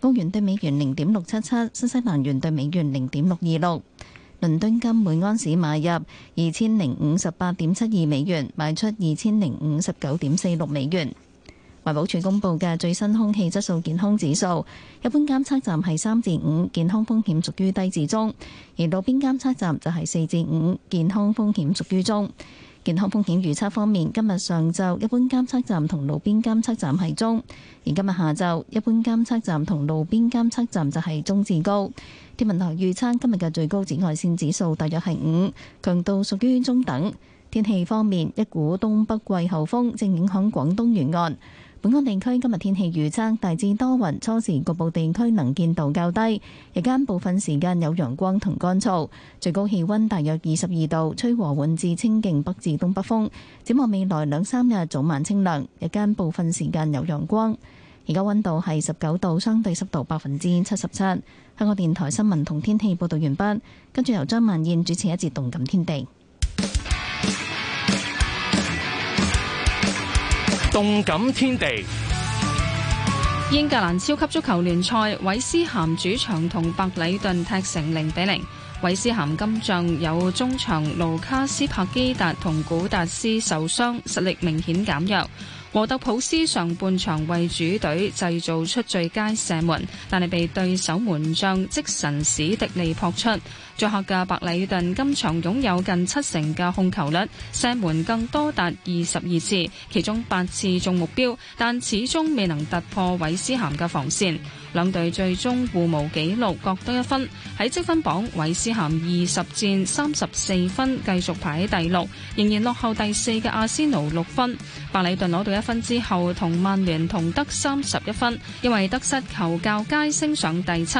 澳元對美元零點六七七，新西蘭元對美元零點六二六。倫敦金每安士買入二千零五十八點七二美元，賣出二千零五十九點四六美元。環保署公布嘅最新空氣質素健康指數，一般監測站係三至五，健康風險屬於低至中；而路邊監測站就係四至五，健康風險屬於中。健康風險預測方面，今日上晝一般監測站同路邊監測站係中；而今日下晝一般監測站同路邊監測站就係中至高。天文台預測今日嘅最高紫外線指數大約係五，強度屬於中等。天氣方面，一股東北季候風正影響廣東沿岸。本港地區今日天，天氣預測大致多雲，初時局部地區能見度較低，日間部分時間有陽光同乾燥，最高氣温大約二十二度，吹和緩至清勁北至東北風。展望未來兩三日，早晚清涼，日間部分時間有陽光。而家温度係十九度，相對濕度百分之七十七。香港電台新聞同天氣報道完畢，跟住由張文燕主持一節動感天地。動感天地，天地英格蘭超級足球聯賽，韋斯咸主場同白禮頓踢成零比零。韋斯咸今仗有中場盧卡斯·帕基達同古達斯受傷，實力明顯減弱。沃特普斯上半場為主隊製造出最佳射門，但係被對手門將即神史迪利撲出。作客嘅白禮頓今場擁有近七成嘅控球率，射門更多達二十二次，其中八次中目標，但始終未能突破韋斯咸嘅防線。兩隊最終互無紀錄，各得一分。喺積分榜，韋斯咸二十戰三十四分，繼續排喺第六，仍然落後第四嘅阿仙奴六分。白禮頓攞到一分之後，同曼聯同得三十一分，因為得失球較佳，升上第七。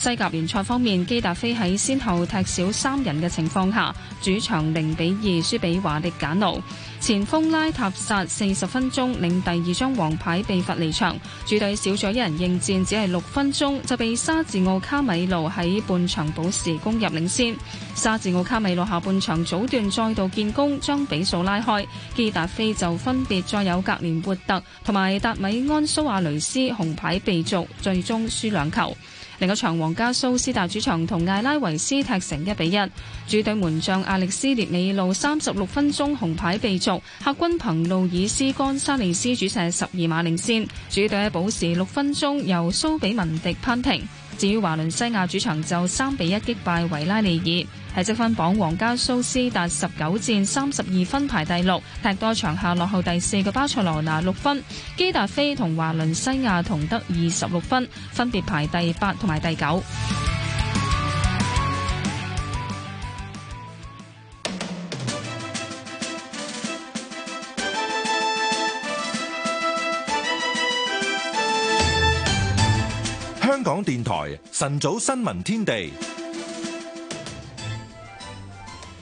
西甲聯賽方面，基達菲喺先後踢少三人嘅情況下，主場零比二輸俾華力簡奴。前鋒拉塔薩四十分鐘領第二張黃牌被罰離場，主隊少咗一人應戰，只係六分鐘就被沙治奧卡米羅喺半場補時攻入領先。沙治奧卡米羅下半場早段再度建功，將比數拉開。基達菲就分別再有格連活特同埋達米安蘇瓦雷斯紅牌被逐，最終輸兩球。另一場皇家蘇斯達主場同艾拉維斯踢成一比一，主隊門將阿力斯列美路三十六分鐘紅牌被逐，客軍憑路爾斯岡沙尼斯主射十二碼領先，主隊喺補時六分鐘由蘇比文迪扳平。至於華倫西亞主場就三比一擊敗維拉利爾，喺積分榜皇家蘇斯達十九戰三十二分排第六，踢多場下落後第四嘅巴塞羅那六分，基達菲同華倫西亞同得二十六分，分別排第八同埋第九。港電台晨早新聞天地，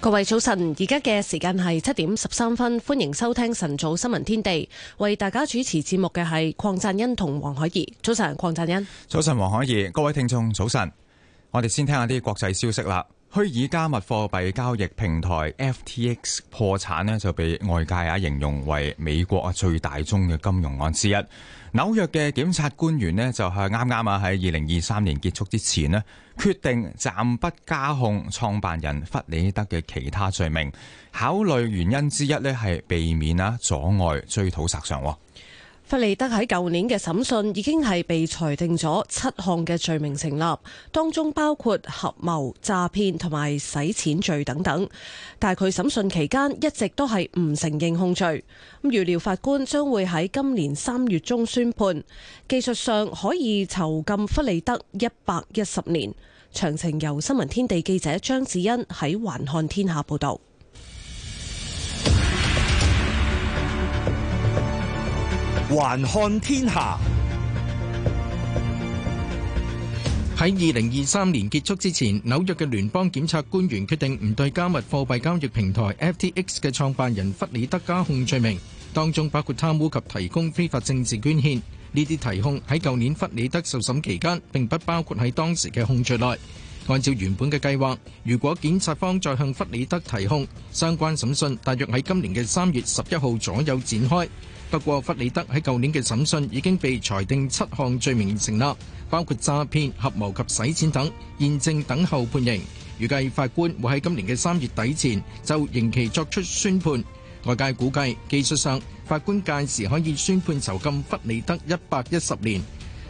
各位早晨，而家嘅時間係七點十三分，歡迎收聽晨早新聞天地，為大家主持節目嘅係鄺贊恩同黃海兒。早晨，鄺贊恩，早晨，黃海兒，各位聽眾早晨，我哋先聽下啲國際消息啦。虛擬加密貨幣交易平台 FTX 破產咧，就被外界啊形容為美國啊最大宗嘅金融案之一。紐約嘅檢察官員呢，就係啱啱啊喺二零二三年結束之前呢，決定暫不加控創辦人弗里德嘅其他罪名，考慮原因之一呢係避免啊阻礙追討賠償。弗利德喺舊年嘅審訊已經係被裁定咗七項嘅罪名成立，當中包括合謀詐騙同埋洗錢罪等等。但係佢審訊期間一直都係唔承認控罪。咁預料法官將會喺今年三月中宣判，技術上可以囚禁弗利德一百一十年。詳情由新聞天地記者張子欣喺環看天下報道。還看天下。喺二零二三年結束之前，紐約嘅聯邦檢察官員決定唔對加密貨幣交易平台 FTX 嘅創辦人弗里德加控罪名，當中包括貪污及提供非法政治捐獻。呢啲提控喺舊年弗里德受審期間，並不包括喺當時嘅控罪內。按照原本嘅計劃，如果檢察方再向弗里德提控，相關審訊大約喺今年嘅三月十一號左右展開。不過，弗里德喺舊年嘅審訊已經被裁定七項罪名成立，包括詐騙、合謀及洗錢等，現正等候判刑。預計法官會喺今年嘅三月底前就刑期作出宣判。外界估計，技術上法官屆時可以宣判囚禁弗里德一百一十年。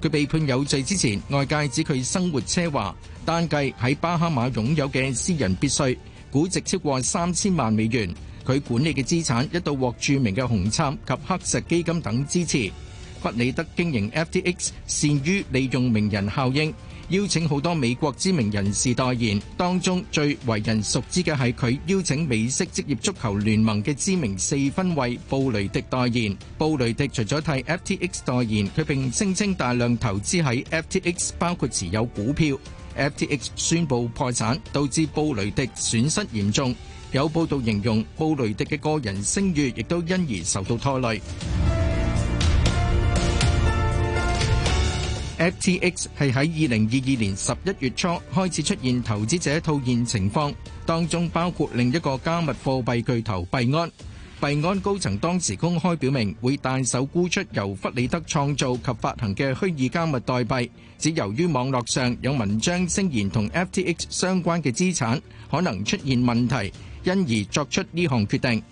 佢被判有罪之前，外界指佢生活奢華，單計喺巴哈馬擁有嘅私人別墅，估值超過三千萬美元。佢管理嘅資產一度獲著名嘅紅杉及黑石基金等支持。弗里德經營 FTX，善於利用名人效應。邀請好多美國知名人士代言，當中最為人熟知嘅係佢邀請美式職業足球聯盟嘅知名四分衛布雷迪代言。布雷迪除咗替 FTX 代言，佢並聲稱大量投資喺 FTX，包括持有股票。FTX 宣布破產，導致布雷迪損失嚴重。有報道形容布雷迪嘅個人聲譽亦都因而受到拖累。FTX 係喺二零二二年十一月初開始出現投資者套現情況，當中包括另一個加密貨幣巨頭幣安。幣安高層當時公開表明會大手沽出由弗里德創造及發行嘅虛擬加密代幣，只由於網絡上有文章聲言同 FTX 相關嘅資產可能出現問題，因而作出呢項決定。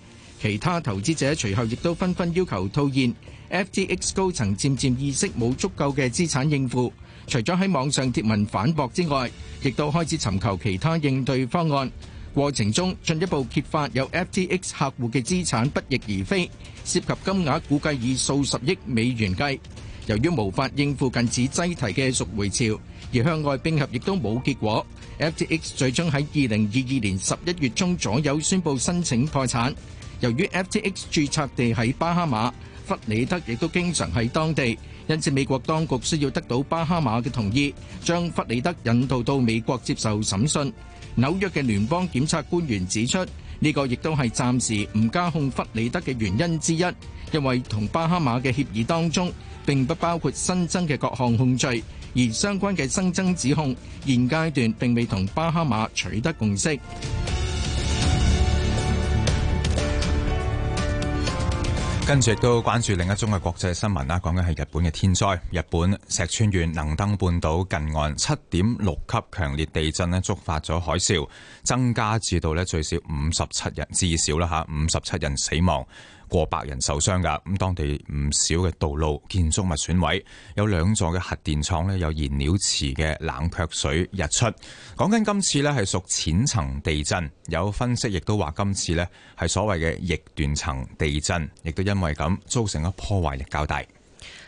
其他投資者隨後亦都紛紛要求套現。FTX 高層漸漸意識冇足夠嘅資產應付，除咗喺網上貼文反駁之外，亦都開始尋求其他應對方案。過程中進一步揭發有 FTX 客戶嘅資產不翼而飛，涉及金額估計以數十億美元計。由於無法應付近似擠提嘅贖回潮，而向外併合亦都冇結果，FTX 最終喺二零二二年十一月中左右宣布申請破產。由於 FTX 註冊地喺巴哈馬，弗里德亦都經常喺當地，因此美國當局需要得到巴哈馬嘅同意，將弗里德引渡到美國接受審訊。紐約嘅聯邦檢察官員指出，呢個亦都係暫時唔加控弗里德嘅原因之一，因為同巴哈馬嘅協議當中並不包括新增嘅各項控罪，而相關嘅新增指控現階段並未同巴哈馬取得共識。跟住都關注另一宗嘅國際新聞啦，講緊係日本嘅天災。日本石川縣能登半島近岸七點六級強烈地震咧，觸發咗海嘯，增加至到咧最少五十七人至少啦吓，五十七人死亡。過百人受傷噶，咁當地唔少嘅道路、建築物損毀，有兩座嘅核電廠咧有燃料池嘅冷卻水溢出。講緊，今次咧係屬淺層地震，有分析亦都話，今次咧係所謂嘅逆斷層地震，亦都因為咁造成咗破壞力較大。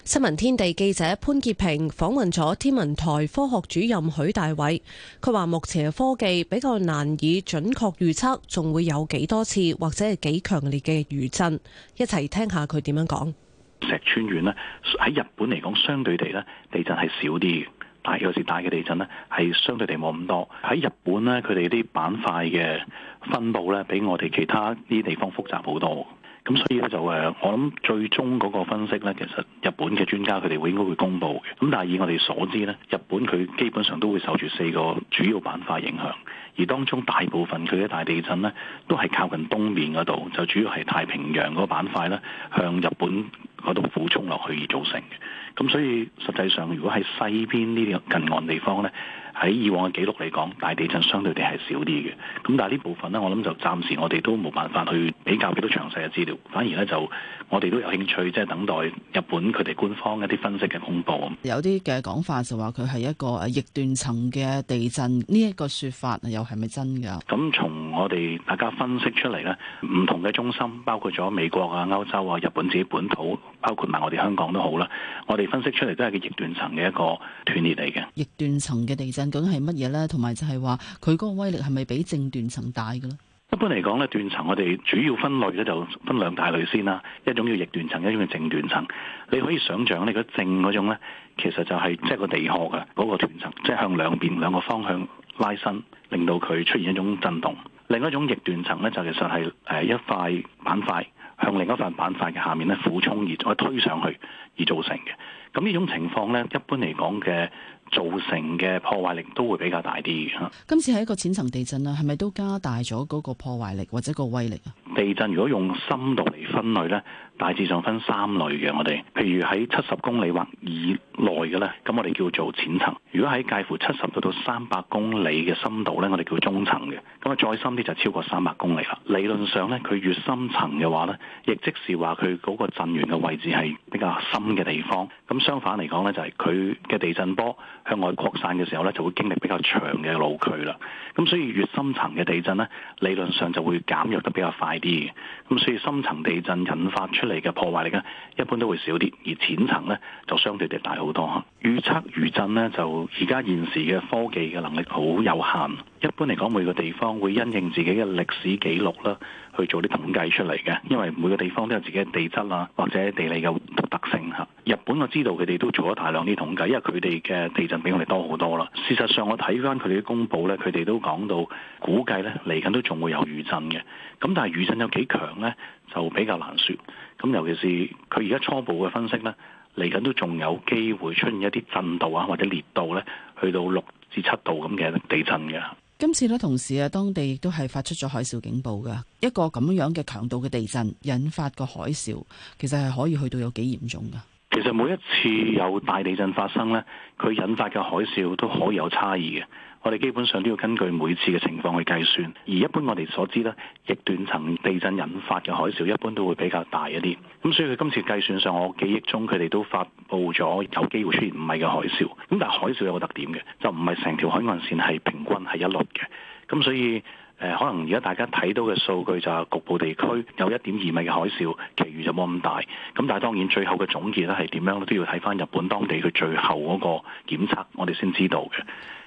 新聞天地記者潘潔平訪問咗天文台科學主任許大偉，佢話目前嘅科技比較難以準確預測，仲會有幾多次或者係幾強烈嘅餘震。一齊聽下佢點樣講。石川縣咧喺日本嚟講相對地咧地震係少啲，但係有時大嘅地震咧係相對地冇咁多。喺日本咧佢哋啲板塊嘅分佈咧比我哋其他啲地方複雜好多。咁所以咧就誒，我諗最終嗰個分析咧，其實日本嘅專家佢哋會應該會公佈嘅。咁但係以我哋所知咧，日本佢基本上都會受住四個主要板塊影響，而當中大部分佢嘅大地震咧，都係靠近東面嗰度，就主要係太平洋嗰個板塊咧向日本嗰度俯衝落去而造成嘅。咁所以實際上，如果喺西邊呢啲近岸地方咧，喺以往嘅記錄嚟講，大地震相對地係少啲嘅。咁但係呢部分咧，我諗就暫時我哋都冇辦法去比較幾多詳細嘅資料，反而咧就。我哋都有興趣，即係等待日本佢哋官方一啲分析嘅通報。有啲嘅講法就話佢係一個逆斷層嘅地震，呢、這、一個說法又係咪真㗎？咁從我哋大家分析出嚟呢唔同嘅中心，包括咗美國啊、歐洲啊、日本自己本土，包括埋我哋香港都好啦。我哋分析出嚟都係個逆斷層嘅一個斷裂嚟嘅。逆斷層嘅地震究竟係乜嘢呢？同埋就係話佢嗰個威力係咪比正斷層大嘅呢？一般嚟講咧，斷層我哋主要分類咧就分兩大類先啦。一種叫逆斷層，一種叫正斷層。你可以想像你個正嗰種咧，其實就係即係個地殼嘅嗰個斷層，即係向兩邊兩個方向拉伸，令到佢出現一種震動。另一種逆斷層咧，就其實係誒一塊板塊向另一塊板塊嘅下面咧俯衝而推上去而造成嘅。咁呢種情況咧，一般嚟講嘅。造成嘅破壞力都會比較大啲。咁，今次係一個淺層地震啊，係咪都加大咗嗰個破壞力或者個威力啊？地震如果用深度嚟分類咧？大致上分三類嘅，我哋譬如喺七十公里或以內嘅咧，咁我哋叫做淺層。如果喺介乎七十度到三百公里嘅深度咧，我哋叫中層嘅。咁啊，再深啲就超過三百公里啦。理論上咧，佢越深層嘅話咧，亦即是話，佢嗰個震源嘅位置係比較深嘅地方。咁相反嚟講咧，就係佢嘅地震波向外擴散嘅時候咧，就會經歷比較長嘅路距啦。咁所以越深層嘅地震咧，理論上就會減弱得比較快啲嘅。咁所以深層地震引發出嚟嘅破壞力呢，一般都會少啲，而淺層呢就相對地大好多。預測餘震呢，就而家現時嘅科技嘅能力好有限。一般嚟講，每個地方會因應自己嘅歷史記錄啦，去做啲統計出嚟嘅。因為每個地方都有自己嘅地質啊，或者地理嘅特性嚇。日本我知道佢哋都做咗大量啲統計，因為佢哋嘅地震比我哋多好多啦。事實上，我睇翻佢哋嘅公佈呢，佢哋都講到估計呢嚟緊都仲會有餘震嘅。咁但係餘震有幾強呢？就比較難説，咁尤其是佢而家初步嘅分析，呢嚟緊都仲有機會出現一啲震度啊或者烈度呢，去到六至七度咁嘅地震嘅。今次呢，同時啊，當地亦都係發出咗海嘯警報嘅。一個咁樣嘅強度嘅地震引發個海嘯，其實係可以去到有幾嚴重噶？其實每一次有大地震發生呢，佢引發嘅海嘯都可以有差異嘅。我哋基本上都要根據每次嘅情況去計算，而一般我哋所知呢，逆斷層地震引發嘅海嘯一般都會比較大一啲。咁所以佢今次計算上，我記憶中佢哋都發布咗有機會出現五米嘅海嘯。咁但係海嘯有個特點嘅，就唔係成條海岸線係平均係一律嘅。咁所以誒、呃，可能而家大家睇到嘅數據就係局部地區有一點二米嘅海嘯，其餘就冇咁大。咁但係當然最後嘅總結咧，係點樣都要睇翻日本當地佢最後嗰個檢測，我哋先知道嘅。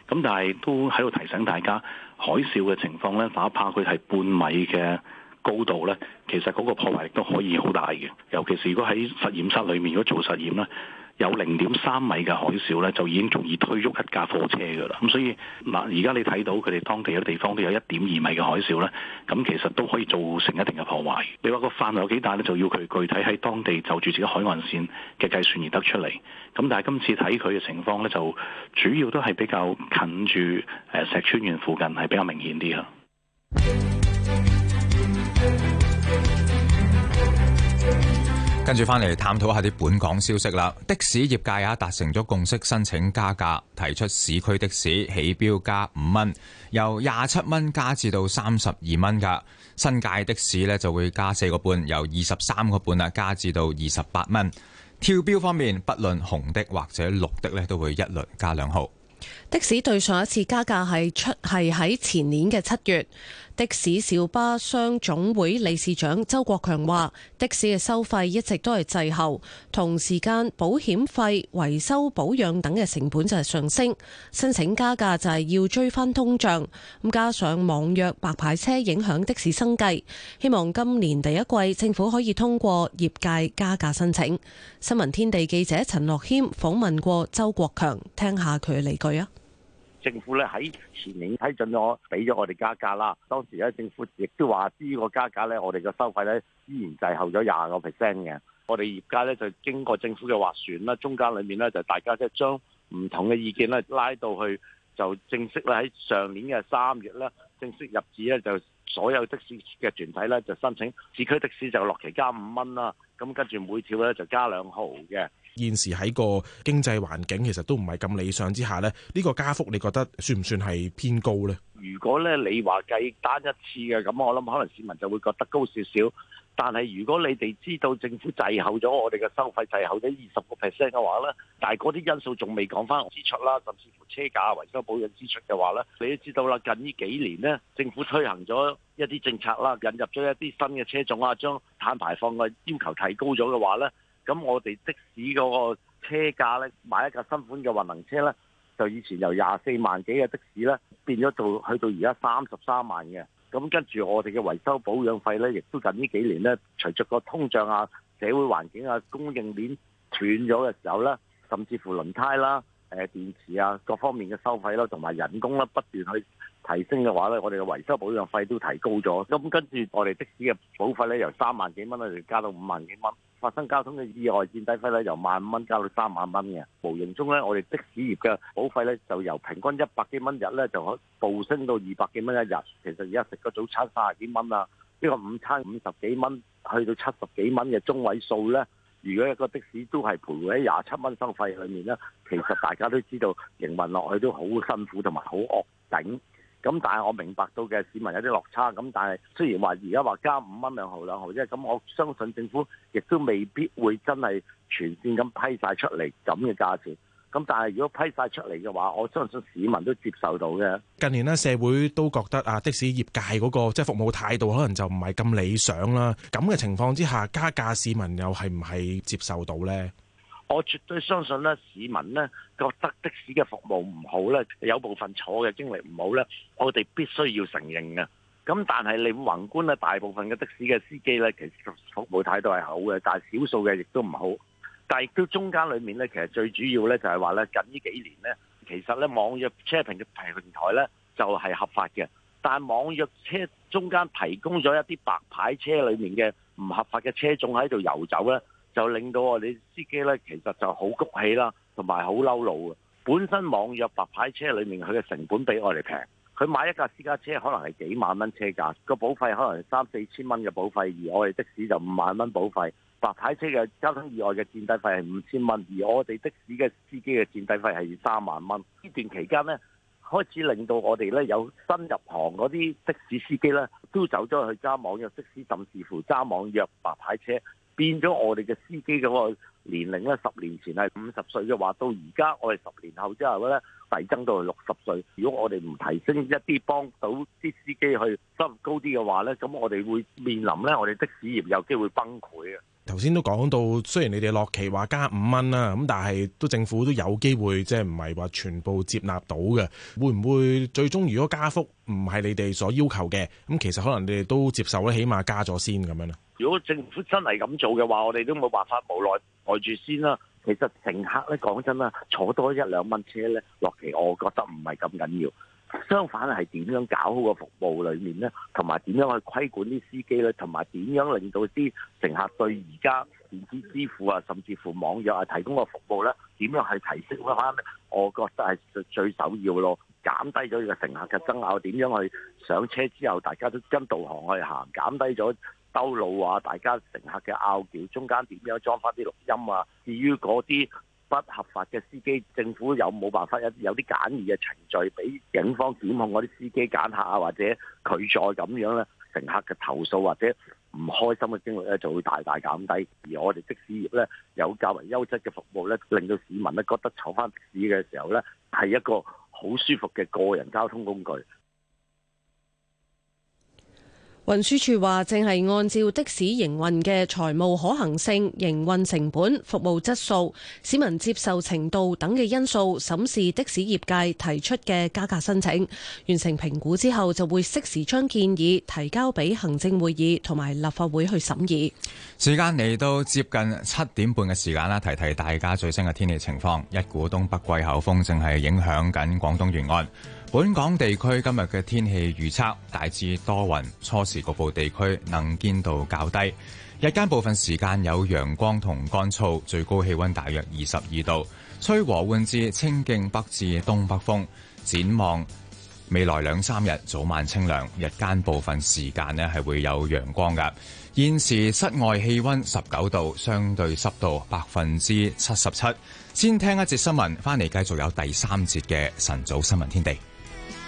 咁但係都喺度提醒大家，海嘯嘅情況呢，哪怕佢係半米嘅高度呢，其實嗰個破壞力都可以好大嘅。尤其是如果喺實驗室裏面，如果做實驗呢。有零點三米嘅海嘯呢，就已經足以推喐一架貨車噶啦。咁所以嗱，而家你睇到佢哋當地有啲地方都有一點二米嘅海嘯呢，咁其實都可以造成一定嘅破壞。你話個範圍有幾大呢？就要佢具體喺當地就住自己海岸線嘅計算而得出嚟。咁但係今次睇佢嘅情況呢，就主要都係比較近住石川縣附近係比較明顯啲啊。跟住返嚟探討下啲本港消息啦。的士業界啊達成咗共識，申請加價，提出市區的士起標加五蚊，由廿七蚊加至到三十二蚊噶。新界的士呢就會加四個半，由二十三個半啊加至到二十八蚊。跳標方面，不論紅的或者綠的呢都會一律加兩毫。的士對上一次加價係出係喺前年嘅七月。的士小巴商總會理事長周國強話，的士嘅收費一直都係滯後，同時間保險費、維修、保養等嘅成本就係上升，申請加價就係要追翻通脹。加上網約白牌車影響的士生計，希望今年第一季政府可以通過業界加價申請。新聞天地記者陳樂謙訪問過周國強，聽下佢嘅理據啊。政府咧喺前年批准咗，俾咗我哋加價啦。當時咧，政府亦都話呢個加價咧，我哋嘅收費咧依然滯後咗廿個 percent 嘅。我哋業家咧就經過政府嘅斡旋啦，中間裏面咧就大家即係將唔同嘅意見咧拉到去，就正式咧喺上年嘅三月咧正式入紙咧，就所有的士嘅團體咧就申請市區的士就落旗加五蚊啦。咁跟住每跳咧就加兩毫嘅。現時喺個經濟環境其實都唔係咁理想之下咧，呢個加幅你覺得算唔算係偏高咧？如果咧你話計單一次嘅，咁，我諗可能市民就會覺得高少少。但係如果你哋知道政府滯後咗我哋嘅收費滯後咗二十個 percent 嘅話咧，但係嗰啲因素仲未講翻支出啦，甚至乎車價、維修、保養支出嘅話咧，你都知道啦。近呢幾年咧，政府推行咗一啲政策啦，引入咗一啲新嘅車種啊，將碳排放嘅要求提高咗嘅話咧。咁我哋的士嗰個車價呢，買一架新款嘅混能車呢，就以前由廿四萬幾嘅的，的士呢變咗到去到而家三十三萬嘅。咁跟住我哋嘅維修保養費呢，亦都近呢幾年呢，隨着個通脹啊、社會環境啊、供應鏈斷咗嘅時候呢，甚至乎輪胎啦。誒電池啊，各方面嘅收費啦、啊，同埋人工啦、啊，不斷去提升嘅話咧，我哋嘅維修保養費都提高咗。咁跟住我哋的士嘅保費咧，由三萬幾蚊咧，就加到五萬幾蚊。發生交通嘅意外墊底費咧，由萬五蚊加到三萬蚊嘅。無形中咧，我哋的士業嘅保費咧，就由平均一百幾蚊日咧，就可暴升到二百幾蚊一日。其實而家食個早餐三十幾蚊啊，呢、這個午餐五十幾蚊去到七十幾蚊嘅中位數咧。如果一個的士都係徘徊喺廿七蚊收費裏面咧，其實大家都知道營運落去都好辛苦同埋好惡頂。咁但係我明白到嘅市民有啲落差。咁但係雖然話而家話加五蚊兩毫兩毫啫，咁我相信政府亦都未必會真係全線咁批晒出嚟咁嘅價錢。咁但係如果批晒出嚟嘅話，我相信市民都接受到嘅。近年咧，社會都覺得啊的士業界嗰個即係服務態度可能就唔係咁理想啦。咁嘅情況之下，加價市民又係唔係接受到咧？我絕對相信咧，市民咧覺得的士嘅服務唔好咧，有部分坐嘅經歷唔好咧，我哋必須要承認嘅。咁但係你宏觀咧，大部分嘅的、的士嘅司機咧，其實服務態度係好嘅，但係少數嘅亦都唔好。但係喺中間裏面咧，其實最主要咧就係話咧，近呢幾年咧，其實咧網約車平嘅平台咧就係合法嘅，但係網約車中間提供咗一啲白牌車裏面嘅唔合法嘅車種喺度遊走咧，就令到我哋司機咧其實就好谷氣啦，同埋好嬲路嘅。本身網約白牌車裏面佢嘅成本比我哋平，佢買一架私家車可能係幾萬蚊車價，個保費可能係三四千蚊嘅保費，而我哋的士就五萬蚊保費。白牌車嘅交通意外嘅墊底費係五千蚊，而我哋的士嘅司機嘅墊底費係三萬蚊。呢段期間呢，開始令到我哋呢有新入行嗰啲的士司機呢都走咗去揸網約的士，甚至乎揸網約白牌車，變咗我哋嘅司機嗰個年齡呢，十年前係五十歲嘅話，到而家我哋十年後之後呢，遞增到係六十歲。如果我哋唔提升一啲幫到啲司機去收入高啲嘅話呢，咁我哋會面臨呢我哋的士業有機會崩潰嘅！頭先都講到，雖然你哋落旗話加五蚊啦，咁但係都政府都有機會，即係唔係話全部接納到嘅，會唔會最終如果加幅唔係你哋所要求嘅，咁其實可能你哋都接受咧，起碼加咗先咁樣啦。如果政府真係咁做嘅話，我哋都冇辦法，無奈呆住先啦。其實乘客咧講真啦，坐多一兩蚊車咧，落旗我覺得唔係咁緊要。相反係點樣搞好個服務裡面呢？同埋點樣去規管啲司機呢？同埋點樣令到啲乘客對而家電子支付啊，甚至乎網約啊提供個服務呢？點樣去提升翻呢？我覺得係最首要咯，減低咗呢個乘客嘅爭拗，點樣去上車之後大家都跟導航去行，減低咗兜路啊，大家乘客嘅拗撬，中間點樣裝翻啲錄音啊？至於嗰啲不合法嘅司機政府有冇辦法？有有啲簡易嘅程序俾警方檢控嗰啲司機揀客啊，或者拒載咁樣咧，乘客嘅投訴或者唔開心嘅經歷咧，就會大大減低。而我哋的士業咧，有較為優質嘅服務咧，令到市民咧覺得坐翻的士嘅時候咧，係一個好舒服嘅個人交通工具。運輸處話，正係按照的士營運嘅財務可行性、營運成本、服務質素、市民接受程度等嘅因素，審視的士業界提出嘅加價申請。完成評估之後，就會適時將建議提交俾行政會議同埋立法會去審議。時間嚟到接近七點半嘅時間啦，提提大家最新嘅天氣情況。一股東北季候風正係影響緊廣東沿岸。本港地區今日嘅天氣預測大致多雲，初時局部地區能見度較低。日間部分時間有陽光同乾燥，最高氣溫大約二十二度，吹和緩至清勁北至東北風。展望未來兩三日早晚清涼，日間部分時間咧係會有陽光噶。現時室外氣溫十九度，相對濕度百分之七十七。先聽一節新聞，翻嚟繼續有第三節嘅晨早新聞天地。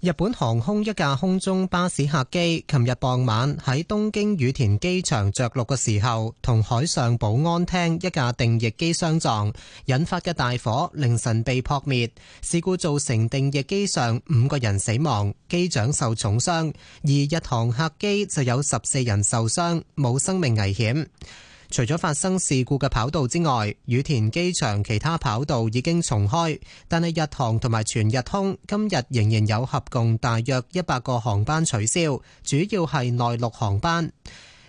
日本航空一架空中巴士客機，琴日傍晚喺東京羽田機場着陸嘅時候，同海上保安廳一架定翼機相撞，引發嘅大火凌晨被撲滅。事故造成定翼機上五個人死亡，機長受重傷，而日航客機就有十四人受傷，冇生命危險。除咗發生事故嘅跑道之外，羽田機場其他跑道已經重開，但係日航同埋全日空今日仍然有合共大約一百個航班取消，主要係內陸航班。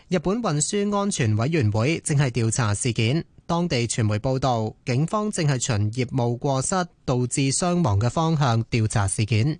日本運輸安全委員會正係調查事件，當地傳媒報道警方正係循業務過失導致傷亡嘅方向調查事件。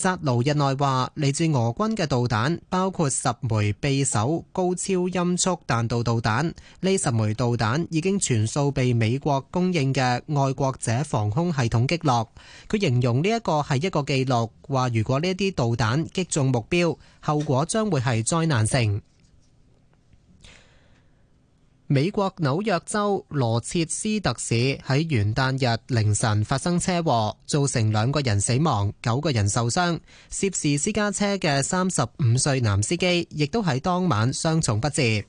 扎盧日內話，嚟自俄軍嘅導彈包括十枚匕首高超音速彈道導彈，呢十枚導彈已經全數被美國供應嘅愛國者防空系統擊落。佢形容呢一個係一個記錄，話如果呢一啲導彈擊中目標，後果將會係災難性。美國紐約州羅切斯特市喺元旦日凌晨發生車禍，造成兩個人死亡，九個人受傷。涉事私家車嘅三十五歲男司機亦都喺當晚傷重不治。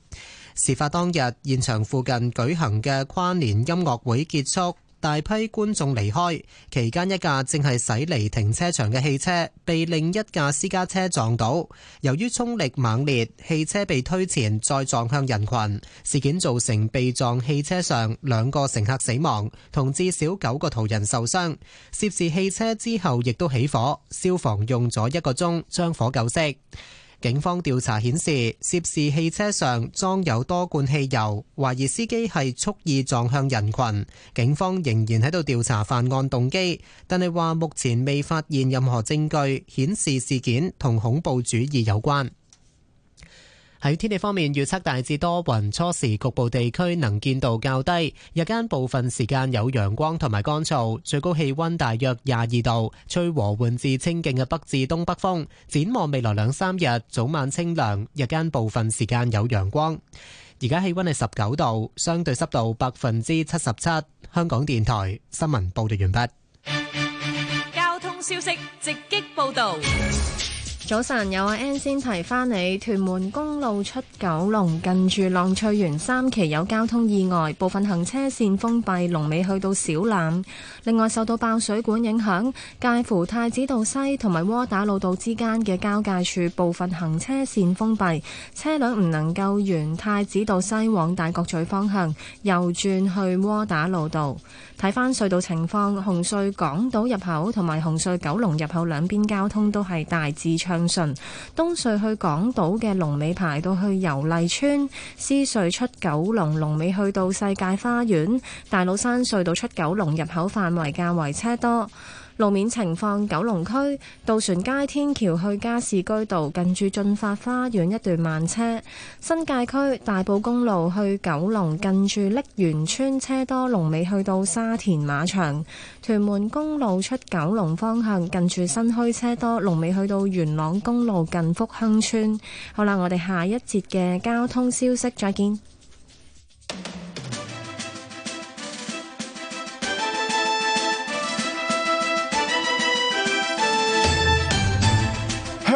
事發當日，現場附近舉行嘅跨年音樂會結束。大批觀眾離開期間，一架正係駛離停車場嘅汽車被另一架私家車撞倒，由於衝力猛烈，汽車被推前再撞向人群。事件造成被撞汽車上兩個乘客死亡，同至少九個途人受傷。涉事汽車之後亦都起火，消防用咗一個鐘將火救熄。警方調查顯示，涉事汽車上裝有多罐汽油，懷疑司機係蓄意撞向人群。警方仍然喺度調查犯案動機，但係話目前未發現任何證據顯示事件同恐怖主義有關。喺天氣方面，預測大致多雲，初時局部地區能見度較低，日間部分時間有陽光同埋乾燥，最高氣溫大約廿二度，吹和緩至清勁嘅北至東北風。展望未來兩三日，早晚清涼，日間部分時間有陽光。而家氣溫係十九度，相對濕度百分之七十七。香港電台新聞報道完畢。交通消息直擊報道。早晨，有阿 Ann 先提翻你，屯門公路出九龍近住浪翠園三期有交通意外，部分行車線封閉，龍尾去到小欖。另外受到爆水管影響，介乎太子道西同埋窩打老道之間嘅交界處部分行車線封閉，車輛唔能夠沿太子道西往大角咀方向右轉去窩打老道。睇翻隧道情況，紅隧港島入口同埋紅隧九龍入口兩邊交通都係大致暢暢順。東隧去港島嘅龍尾排到去油麗邨，獅隧出九龍，龍尾去到世界花園，大老山隧道出九龍入口範圍較為車多。路面情況：九龍區渡船街天橋去加士居道近住駿發花園一段慢車；新界區大埔公路去九龍近住瀝源村車多龍尾去到沙田馬場；屯門公路出九龍方向近住新墟車多龍尾去到元朗公路近福亨村。好啦，我哋下一節嘅交通消息，再見。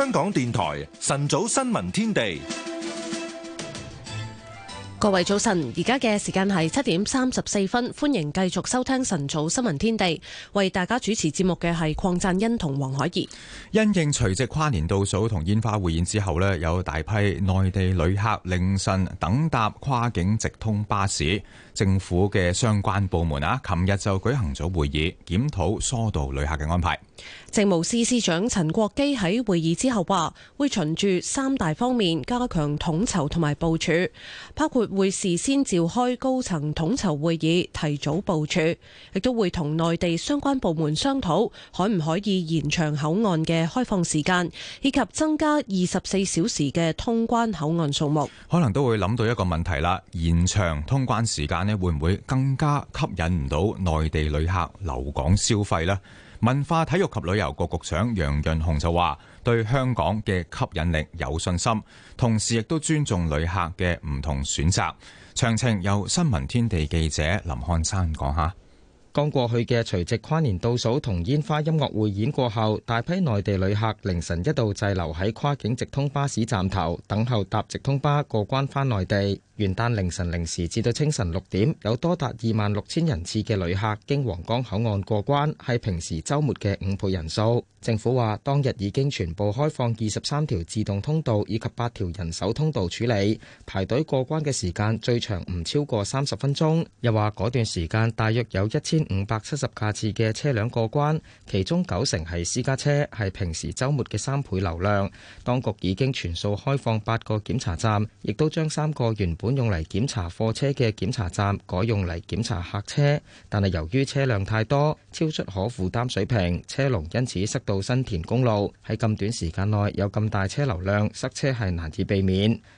香港電台晨早新聞天地，各位早晨，而家嘅時間係七點三十四分，歡迎繼續收聽晨早新聞天地。為大家主持節目嘅係鄺贊恩同黃海怡。因應除夕跨年倒數同煙花匯演之後咧，有大批內地旅客凌晨等搭跨境直通巴士，政府嘅相關部門啊，琴日就舉行咗會議，檢討疏導旅客嘅安排。政務司司長陳國基喺會議之後話，會循住三大方面加強統籌同埋部署，包括會事先召開高層統籌會議，提早部署，亦都會同內地相關部門商討，可唔可以延長口岸嘅開放時間，以及增加二十四小時嘅通關口岸數目。可能都會諗到一個問題啦，延長通關時間咧，會唔會更加吸引唔到內地旅客留港消費呢？文化、體育及旅遊局局長楊潤雄就話：對香港嘅吸引力有信心，同時亦都尊重旅客嘅唔同選擇。詳情由新聞天地記者林漢山講下。剛過去嘅除夕跨年倒數同煙花音樂會演過後，大批內地旅客凌晨一度滯留喺跨境直通巴士站頭，等候搭直通巴過關返內地。元旦凌晨零時至到清晨六點，有多達二萬六千人次嘅旅客經皇崗口岸過關，係平時周末嘅五倍人數。政府話當日已經全部開放二十三條自動通道以及八條人手通道，處理排隊過關嘅時間最長唔超過三十分鐘。又話嗰段時間大約有一千五百七十架次嘅車輛過關，其中九成係私家車，係平時周末嘅三倍流量。當局已經全數開放八個檢查站，亦都將三個原本。本用嚟檢查貨車嘅檢查站，改用嚟檢查客車，但係由於車輛太多，超出可負擔水平，車龍因此塞到新田公路。喺咁短時間內，有咁大車流量，塞車係難以避免。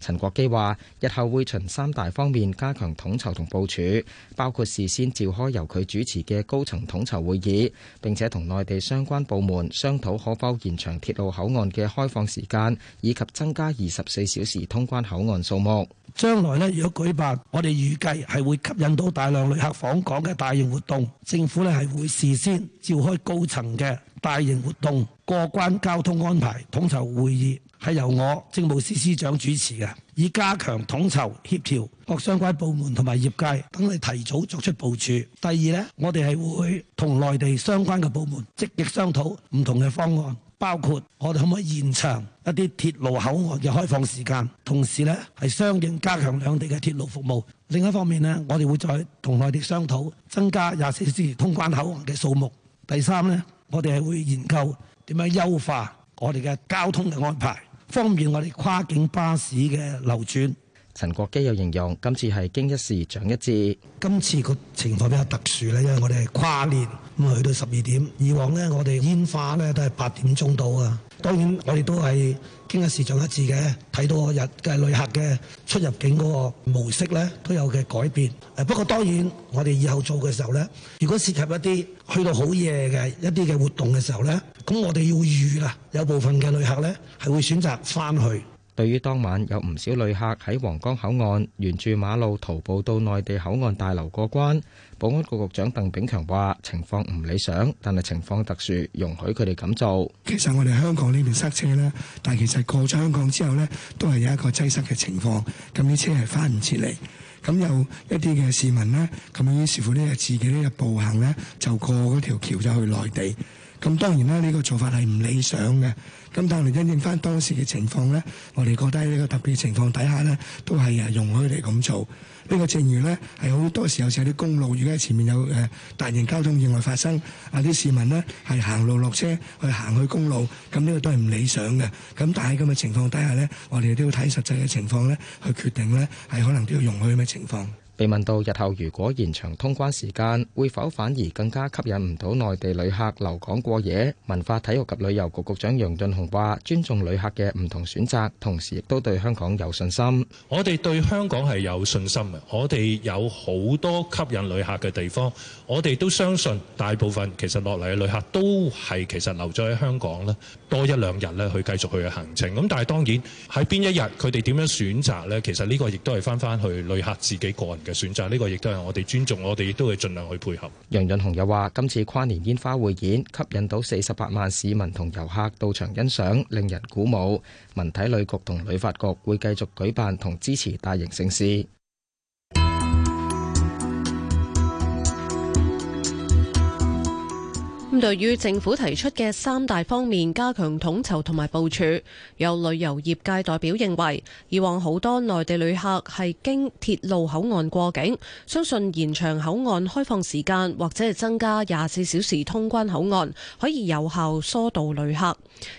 陳國基話，日後會循三大方面加強統籌同部署，包括事先召開由佢主持嘅高層統籌會議，並且同內地相關部門商討可否延長鐵路口岸嘅開放時間，以及增加二十四小時通關口岸數目。將來呢，如果舉辦，我哋預計係會吸引到大量旅客訪港嘅大型活動，政府呢係會事先召開高層嘅大型活動過關交通安排統籌會議。係由我政務司司長主持嘅，以加強統籌協調各相關部門同埋業界，等你提早作出部署。第二呢，我哋係會同內地相關嘅部門積極商討唔同嘅方案，包括我哋可唔可以延長一啲鐵路口岸嘅開放時間，同時呢係相應加強兩地嘅鐵路服務。另一方面呢，我哋會再同內地商討增加二十四小時通關口岸嘅數目。第三呢，我哋係會研究點樣優化。我哋嘅交通嘅安排，方便我哋跨境巴士嘅流轉。陳國基又形容，今次係經一事長一智。今次個情況比較特殊咧，因為我哋係跨年，咁去到十二點。以往咧，我哋煙花咧都係八點鐘到啊。當然，我哋都係經一事長一智嘅，睇到個日嘅旅客嘅出入境嗰個模式咧，都有嘅改變。誒，不過當然，我哋以後做嘅時候咧，如果涉及一啲去到好夜嘅一啲嘅活動嘅時候咧，咁我哋要預啦，有部分嘅旅客咧係會選擇翻去。對於當晚有唔少旅客喺皇崗口岸沿住馬路徒步到內地口岸大樓過關。保安局局長鄧炳強話：情況唔理想，但係情況特殊，容許佢哋咁做。其實我哋香港呢邊塞車呢，但係其實過咗香港之後呢，都係有一個擠塞嘅情況，咁啲車係翻唔切嚟。咁有一啲嘅市民呢，咁於是乎咧自己呢呢步行呢，就過嗰條橋就去內地。咁當然啦，呢個做法係唔理想嘅。咁但係我哋因應返當時嘅情況呢，我哋覺得呢個特別情況底下呢，都係啊容許你咁做。呢個正如呢，係好多時有時候啲公路，如果前面有誒、呃、大型交通意外發生，啊啲市民呢係行路落車去行去公路，咁呢個都係唔理想嘅。咁但係喺咁嘅情況底下呢，我哋都要睇實際嘅情況咧，去決定咧係可能都要容許咩情況。被問到日後如果延長通關時間，會否反而更加吸引唔到內地旅客留港過夜？文化體育及旅遊局局長楊潤雄話，尊重旅客嘅唔同選擇，同時亦都對香港有信心。我哋對香港係有信心嘅，我哋有好多吸引旅客嘅地方，我哋都相信大部分其實落嚟嘅旅客都係其實留在香港啦，多一兩日咧，去繼續佢嘅行程。咁但係當然，喺邊一日佢哋點樣選擇呢？其實呢個亦都係翻翻去旅客自己個人嘅選擇。呢個亦都係我哋尊重，我哋亦都會盡量去配合。楊潤雄又話：今次跨年煙花匯演吸引到四十八萬市民同遊客到場欣賞，令人鼓舞。文體旅局同旅發局會繼續舉辦同支持大型盛事。對於政府提出嘅三大方面加強統籌同埋部署，有旅遊業界代表認為，以往好多內地旅客係經鐵路口岸過境，相信延長口岸開放時間或者係增加廿四小時通關口岸，可以有效疏導旅客。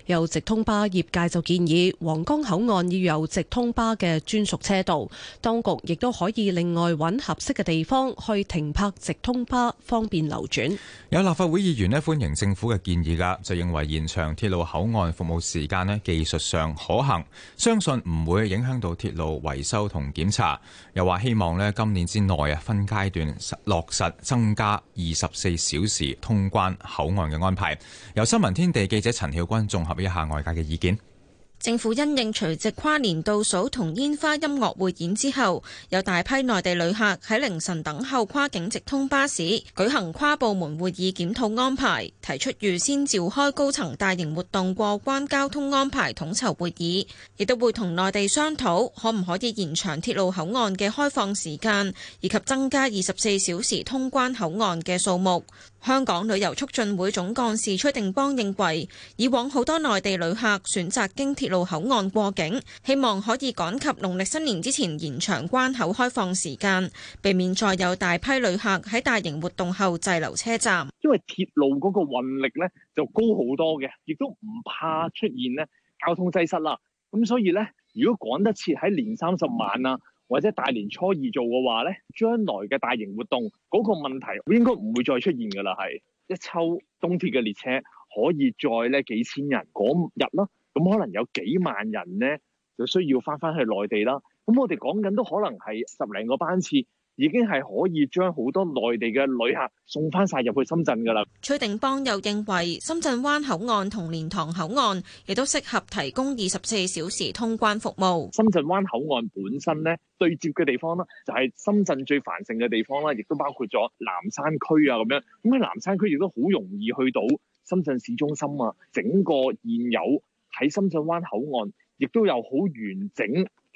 有直通巴業界就建議，皇崗口岸要有直通巴嘅專屬車道，當局亦都可以另外揾合適嘅地方去停泊直通巴，方便流轉。有立法會議員呢。歡迎政府嘅建議喇，就認為延長鐵路口岸服務時間咧，技術上可行，相信唔會影響到鐵路維修同檢查。又話希望咧今年之內啊，分階段落實增加二十四小時通關口岸嘅安排。由新聞天地記者陳曉君綜合一下外界嘅意見。政府因應除夕跨年倒數同煙花音樂匯演之後，有大批內地旅客喺凌晨等候跨境直通巴士，舉行跨部門會議檢討安排，提出預先召開高層大型活動過關交通安排統籌會議，亦都會同內地商討可唔可以延長鐵路口岸嘅開放時間，以及增加二十四小時通關口岸嘅數目。香港旅遊促進會總幹事崔定邦認為，以往好多內地旅客選擇經鐵路口岸過境，希望可以趕及農曆新年之前延長關口開放時間，避免再有大批旅客喺大型活動後滯留車站。因為鐵路嗰個運力咧就高好多嘅，亦都唔怕出現咧交通擠塞啦。咁所以咧，如果趕得切喺年三十晚啦，或者大年初二做嘅話，咧，將來嘅大型活動嗰個問題應該唔會再出現㗎啦，係一抽東鐵嘅列車可以載呢幾千人嗰日咯，咁可能有幾萬人咧就需要翻翻去內地啦，咁我哋講緊都可能係十零個班次。已經係可以將好多內地嘅旅客送翻晒入去深圳噶啦。崔定邦又認為，深圳灣口岸同蓮塘口岸亦都適合提供二十四小時通關服務。深圳灣口岸本身咧，對接嘅地方啦，就係深圳最繁盛嘅地方啦，亦都包括咗南山區啊咁樣。咁喺南山區亦都好容易去到深圳市中心啊。整個現有喺深圳灣口岸，亦都有好完整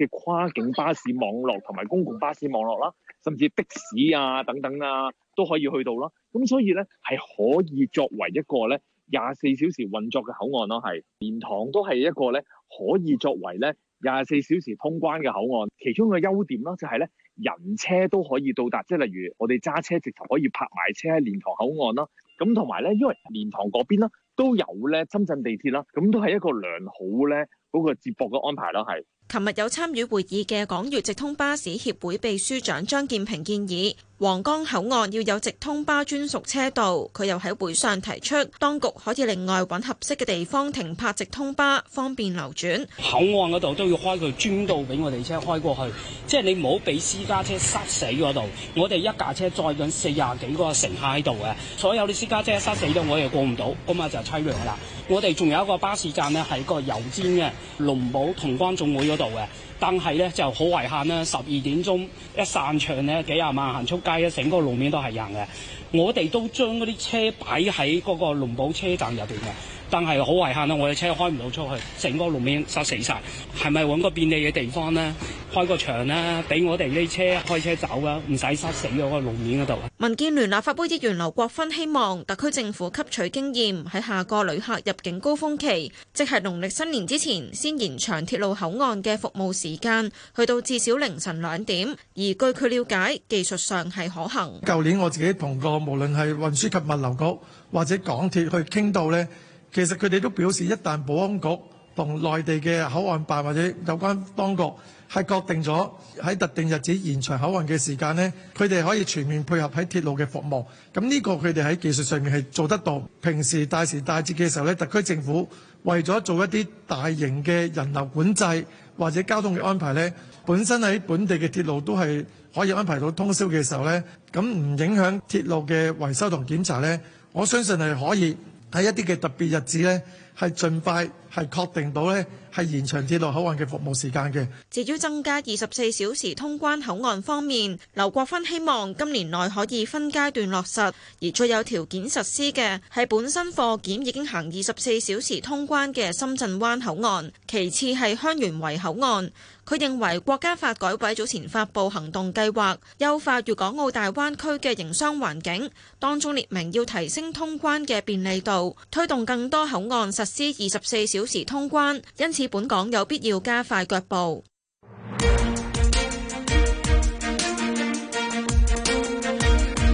跨境巴士網絡同埋公共巴士網絡啦，甚至的士啊等等啊都可以去到啦。咁所以呢，係可以作為一個呢廿四小時運作嘅口岸咯。係蓮塘都係一個呢，可以作為呢廿四小時通關嘅口岸。其中嘅優點啦，就係呢人車都可以到達，即係例如我哋揸車直頭可以泊埋車喺蓮塘口岸啦。咁同埋呢，因為蓮塘嗰邊呢都有呢深圳地鐵啦，咁都係一個良好呢嗰個接駁嘅安排啦。係。琴日有參與會議嘅港粵直通巴士協會秘書長張建平建議，皇崗口岸要有直通巴專屬車道。佢又喺會上提出，當局可以另外揾合適嘅地方停泊直通巴，方便流轉。口岸嗰度都要開個專道俾我哋車開過去，即係你唔好俾私家車塞死嗰度。我哋一架車載緊四廿幾個乘客喺度嘅，所有啲私家車塞死咗，我哋過唔到，咁啊就淒涼啦。我哋仲有一個巴士站呢，喺個油尖嘅龍寶同光總會嗰度，做嘅，但係咧就好遺憾啦。十二點鐘一散場咧，幾廿萬行出街咧，成個路面都係人嘅。我哋都將嗰啲車擺喺嗰個龍寶車站入邊嘅。但係好遺憾啊！我哋車開唔到出去，成個路面塞死晒。係咪揾個便利嘅地方呢？開個場咧，俾我哋呢車開車走啦，唔使塞死喺個路面嗰度。民建聯立法會議員劉國芬希望特區政府吸取經驗，喺下個旅客入境高峰期，即係農曆新年之前，先延長鐵路口岸嘅服務時間，去到至少凌晨兩點。而據佢了解，技術上係可行。舊年我自己同個無論係運輸及物流局或者港鐵去傾到呢。其實佢哋都表示，一旦保安局同內地嘅口岸辦或者有關當局係確定咗喺特定日子延長口岸嘅時間呢，佢哋可以全面配合喺鐵路嘅服務。咁呢個佢哋喺技術上面係做得到。平時大時大節嘅時候呢，特區政府為咗做一啲大型嘅人流管制或者交通嘅安排呢，本身喺本地嘅鐵路都係可以安排到通宵嘅時候呢，咁唔影響鐵路嘅維修同檢查呢，我相信係可以。喺一啲嘅特別日子呢，係盡快係確定到呢係延長鐵路口岸嘅服務時間嘅。至於增加二十四小時通關口岸方面，劉國芬希望今年內可以分階段落實，而最有條件實施嘅係本身貨檢已經行二十四小時通關嘅深圳灣口岸，其次係香園圍口岸。佢認為國家發改委早前發布行動計劃，優化粵港澳大灣區嘅營商環境，當中列明要提升通關嘅便利度，推動更多口岸實施二十四小時通關，因此本港有必要加快腳步。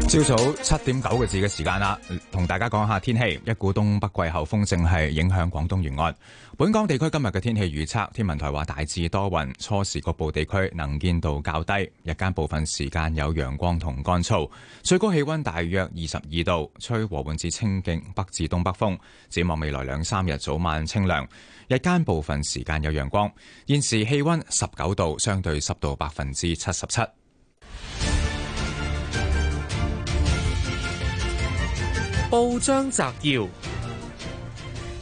朝早七點九個字嘅時間啦，同大家講下天氣。一股東北季候風正係影響廣東沿岸，本港地區今日嘅天氣預測，天文台話大致多雲，初時局部地區能見度較低，日間部分時間有陽光同乾燥，最高氣溫大約二十二度，吹和緩至清勁，北至東北風。展望未來兩三日早晚清涼，日間部分時間有陽光。現時氣溫十九度，相對濕度百分之七十七。報章摘要：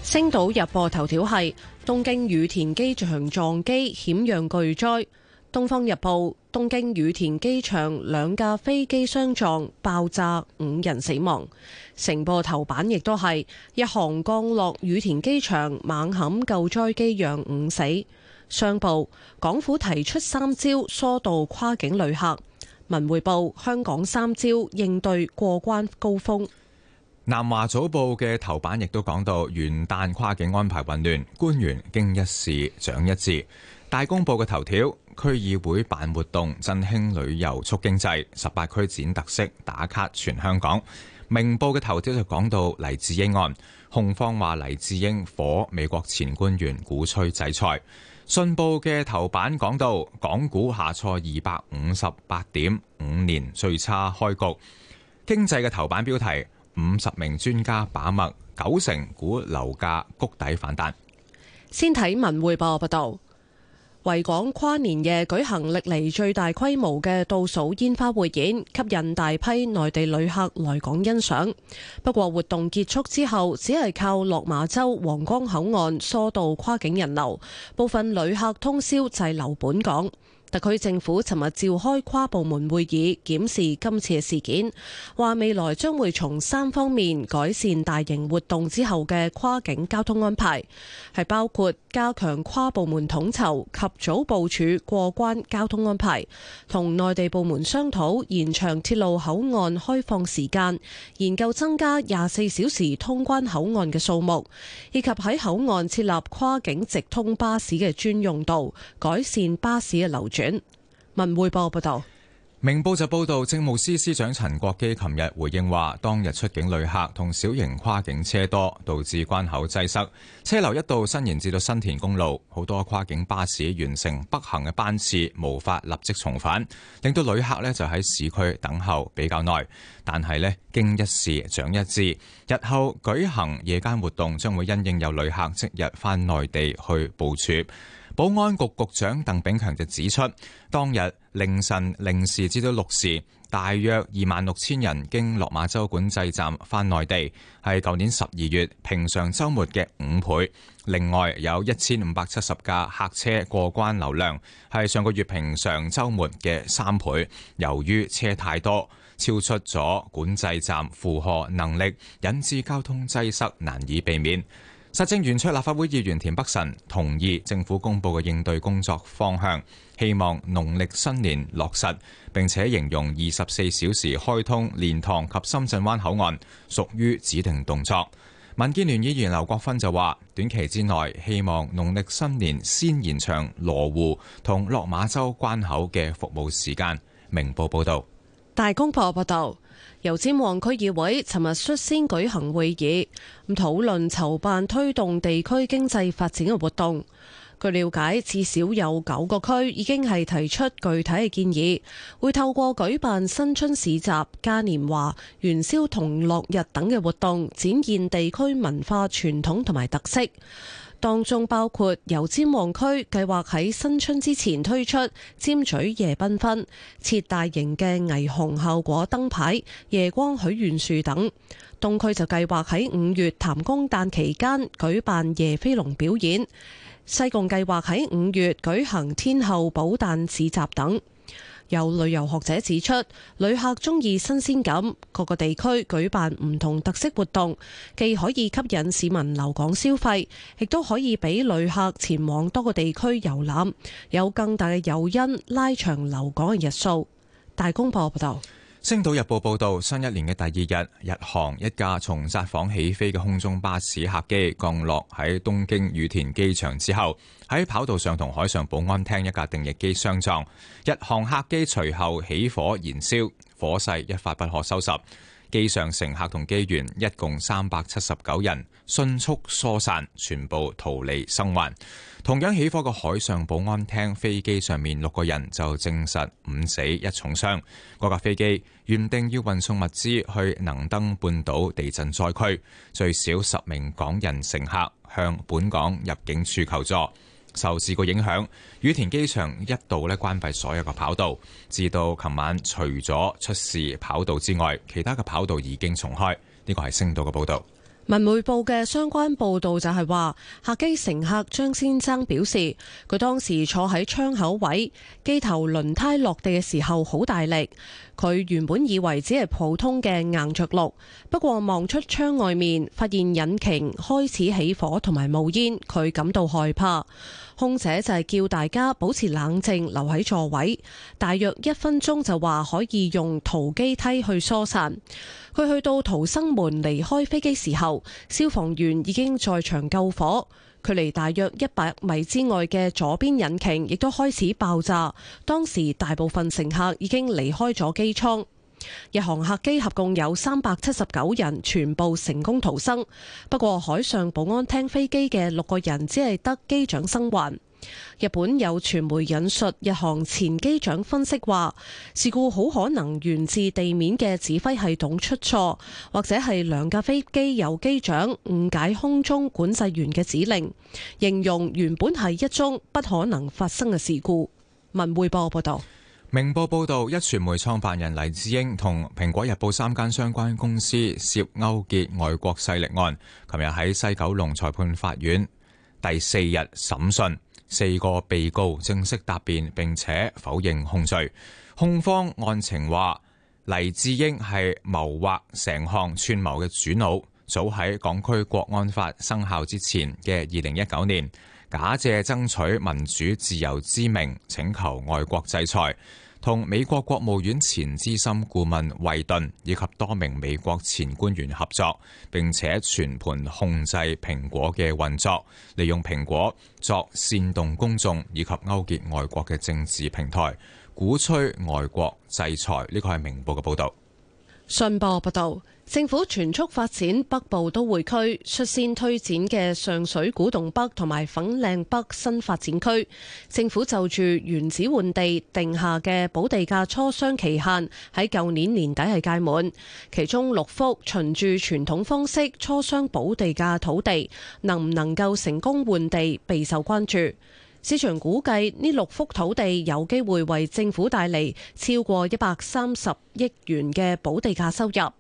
星島日報頭條係東京羽田機場撞機險釀巨災；東方日報東京羽田機場兩架飛機相撞爆炸五人死亡。成報頭版亦都係日航降落羽田機場猛砍救災機釀五死。商報港府提出三招疏導跨境旅客。文匯報香港三招應對過關高峰。南華早報嘅頭版亦都講到元旦跨境安排混亂，官員經一事長一智。大公報嘅頭條區議會辦活動振興旅遊促經濟，十八區展特色打卡全香港。明報嘅頭條就講到黎智英案，控方話黎智英火美國前官員鼓吹制裁。信報嘅頭版講到港股下挫二百五十八點，五年最差開局。經濟嘅頭版標題。五十名專家把脈，九成股樓價谷底反彈。先睇文匯報報道，維港跨年夜舉行歷嚟最大規模嘅倒數煙花匯演，吸引大批內地旅客來港欣賞。不過，活動結束之後，只係靠落馬洲皇崗口岸疏導跨境人流，部分旅客通宵滯留本港。特區政府尋日召開跨部門會議檢視今次嘅事件，話未來將會從三方面改善大型活動之後嘅跨境交通安排，係包括加強跨部門統籌及早部署過關交通安排，同內地部門商討延長鐵路口岸開放時間，研究增加廿四小時通關口岸嘅數目，以及喺口岸設立跨境直通巴士嘅專用道，改善巴士嘅流。轉文匯報報道，明報就報道政務司司長陳國基琴日回應話，當日出境旅客同小型跨境車多，導致關口擠塞，車流一度伸延至到新田公路，好多跨境巴士完成北行嘅班次，無法立即重返，令到旅客呢就喺市區等候比較耐。但係呢，經一事長一智，日後舉行夜間活動將會因應有旅客即日返內地去部署。保安局局長鄧炳強就指出，當日凌晨零時至到六時，大約二萬六千人經落馬洲管制站返內地，係舊年十二月平常周末嘅五倍。另外有一千五百七十架客車過關流量，係上個月平常周末嘅三倍。由於車太多，超出咗管制站負荷能力，引致交通擠塞，難以避免。實政圓桌立法會議員田北辰同意政府公布嘅應對工作方向，希望農曆新年落實。並且形容二十四小時開通蓮塘及深圳灣口岸屬於指定動作。民建聯議員劉國勳就話：短期之內希望農曆新年先延長羅湖同落馬洲關口嘅服務時間。明報報導，大公報報道。油尖旺區議會尋日率先舉行會議，咁討論籌辦推動地區經濟發展嘅活動。據了解，至少有九個區已經係提出具體嘅建議，會透過舉辦新春市集、嘉年華、元宵同樂日等嘅活動，展現地區文化傳統同埋特色。當中包括油尖旺區計劃喺新春之前推出尖咀夜繽紛，設大型嘅霓虹效果燈牌、夜光許願樹等；東區就計劃喺五月譚公誕期間舉辦夜飛龍表演；西貢計劃喺五月舉行天后寶誕市集等。有旅遊學者指出，旅客中意新鮮感，各個地區舉辦唔同特色活動，既可以吸引市民留港消費，亦都可以俾旅客前往多個地區遊覽，有更大嘅誘因拉長留港嘅日數。大公報報道。《星島日報》報道，新一年嘅第二日，日航一架從札幌起飛嘅空中巴士客機降落喺東京羽田機場之後，喺跑道上同海上保安廳一架定翼機相撞。日航客機隨後起火燃燒，火勢一發不可收拾，機上乘客同機員一共三百七十九人迅速疏散，全部逃離生還。同樣起火嘅海上保安廳飛機上面六個人就證實五死一重傷。嗰架飛機原定要運送物資去能登半島地震災區，最少十名港人乘客向本港入境處求助。受事故影響，羽田機場一度咧關閉所有嘅跑道，至到琴晚除咗出事跑道之外，其他嘅跑道已經重開。呢個係星島嘅報導。文匯報嘅相關報道就係話，客機乘客張先生表示，佢當時坐喺窗口位，機頭輪胎落地嘅時候好大力。佢原本以為只係普通嘅硬着陸，不過望出窗外面，發現引擎開始起火同埋冒煙，佢感到害怕。空姐就係叫大家保持冷靜，留喺座位。大約一分鐘就話可以用逃機梯去疏散。佢去到逃生門離開飛機時候，消防員已經在場救火。距離大約一百米之外嘅左邊引擎亦都開始爆炸，當時大部分乘客已經離開咗機艙。日航客機合共有三百七十九人，全部成功逃生。不過海上保安廳飛機嘅六個人，只係得機長生還。日本有傳媒引述日航前機長分析話，事故好可能源自地面嘅指揮系統出錯，或者係兩架飛機由機長誤解空中管制員嘅指令，形容原本係一宗不可能發生嘅事故。文匯報報道，明報報道，一傳媒創辦人黎智英同蘋果日報三間相關公司涉勾結外國勢力案，琴日喺西九龍裁判法院第四日審訊。四個被告正式答辯，並且否認控罪。控方案情話，黎智英係謀劃成項串謀嘅主腦，早喺港區國安法生效之前嘅二零一九年，假借爭取民主自由之名，請求外國制裁。同美國國務院前資深顧問惠頓，以及多名美國前官員合作，並且全盤控制蘋果嘅運作，利用蘋果作煽動公眾，以及勾結外國嘅政治平台，鼓吹外國制裁。呢個係明報嘅報導。信報報道。政府全速發展北部都會區，率先推展嘅上水古洞北同埋粉嶺北新發展區。政府就住原址換地定下嘅保地價磋商期限喺舊年年底係屆滿，其中六幅循住傳統方式磋商保地價土地，能唔能夠成功換地，備受關注。市場估計呢六幅土地有機會為政府帶嚟超過一百三十億元嘅補地價收入。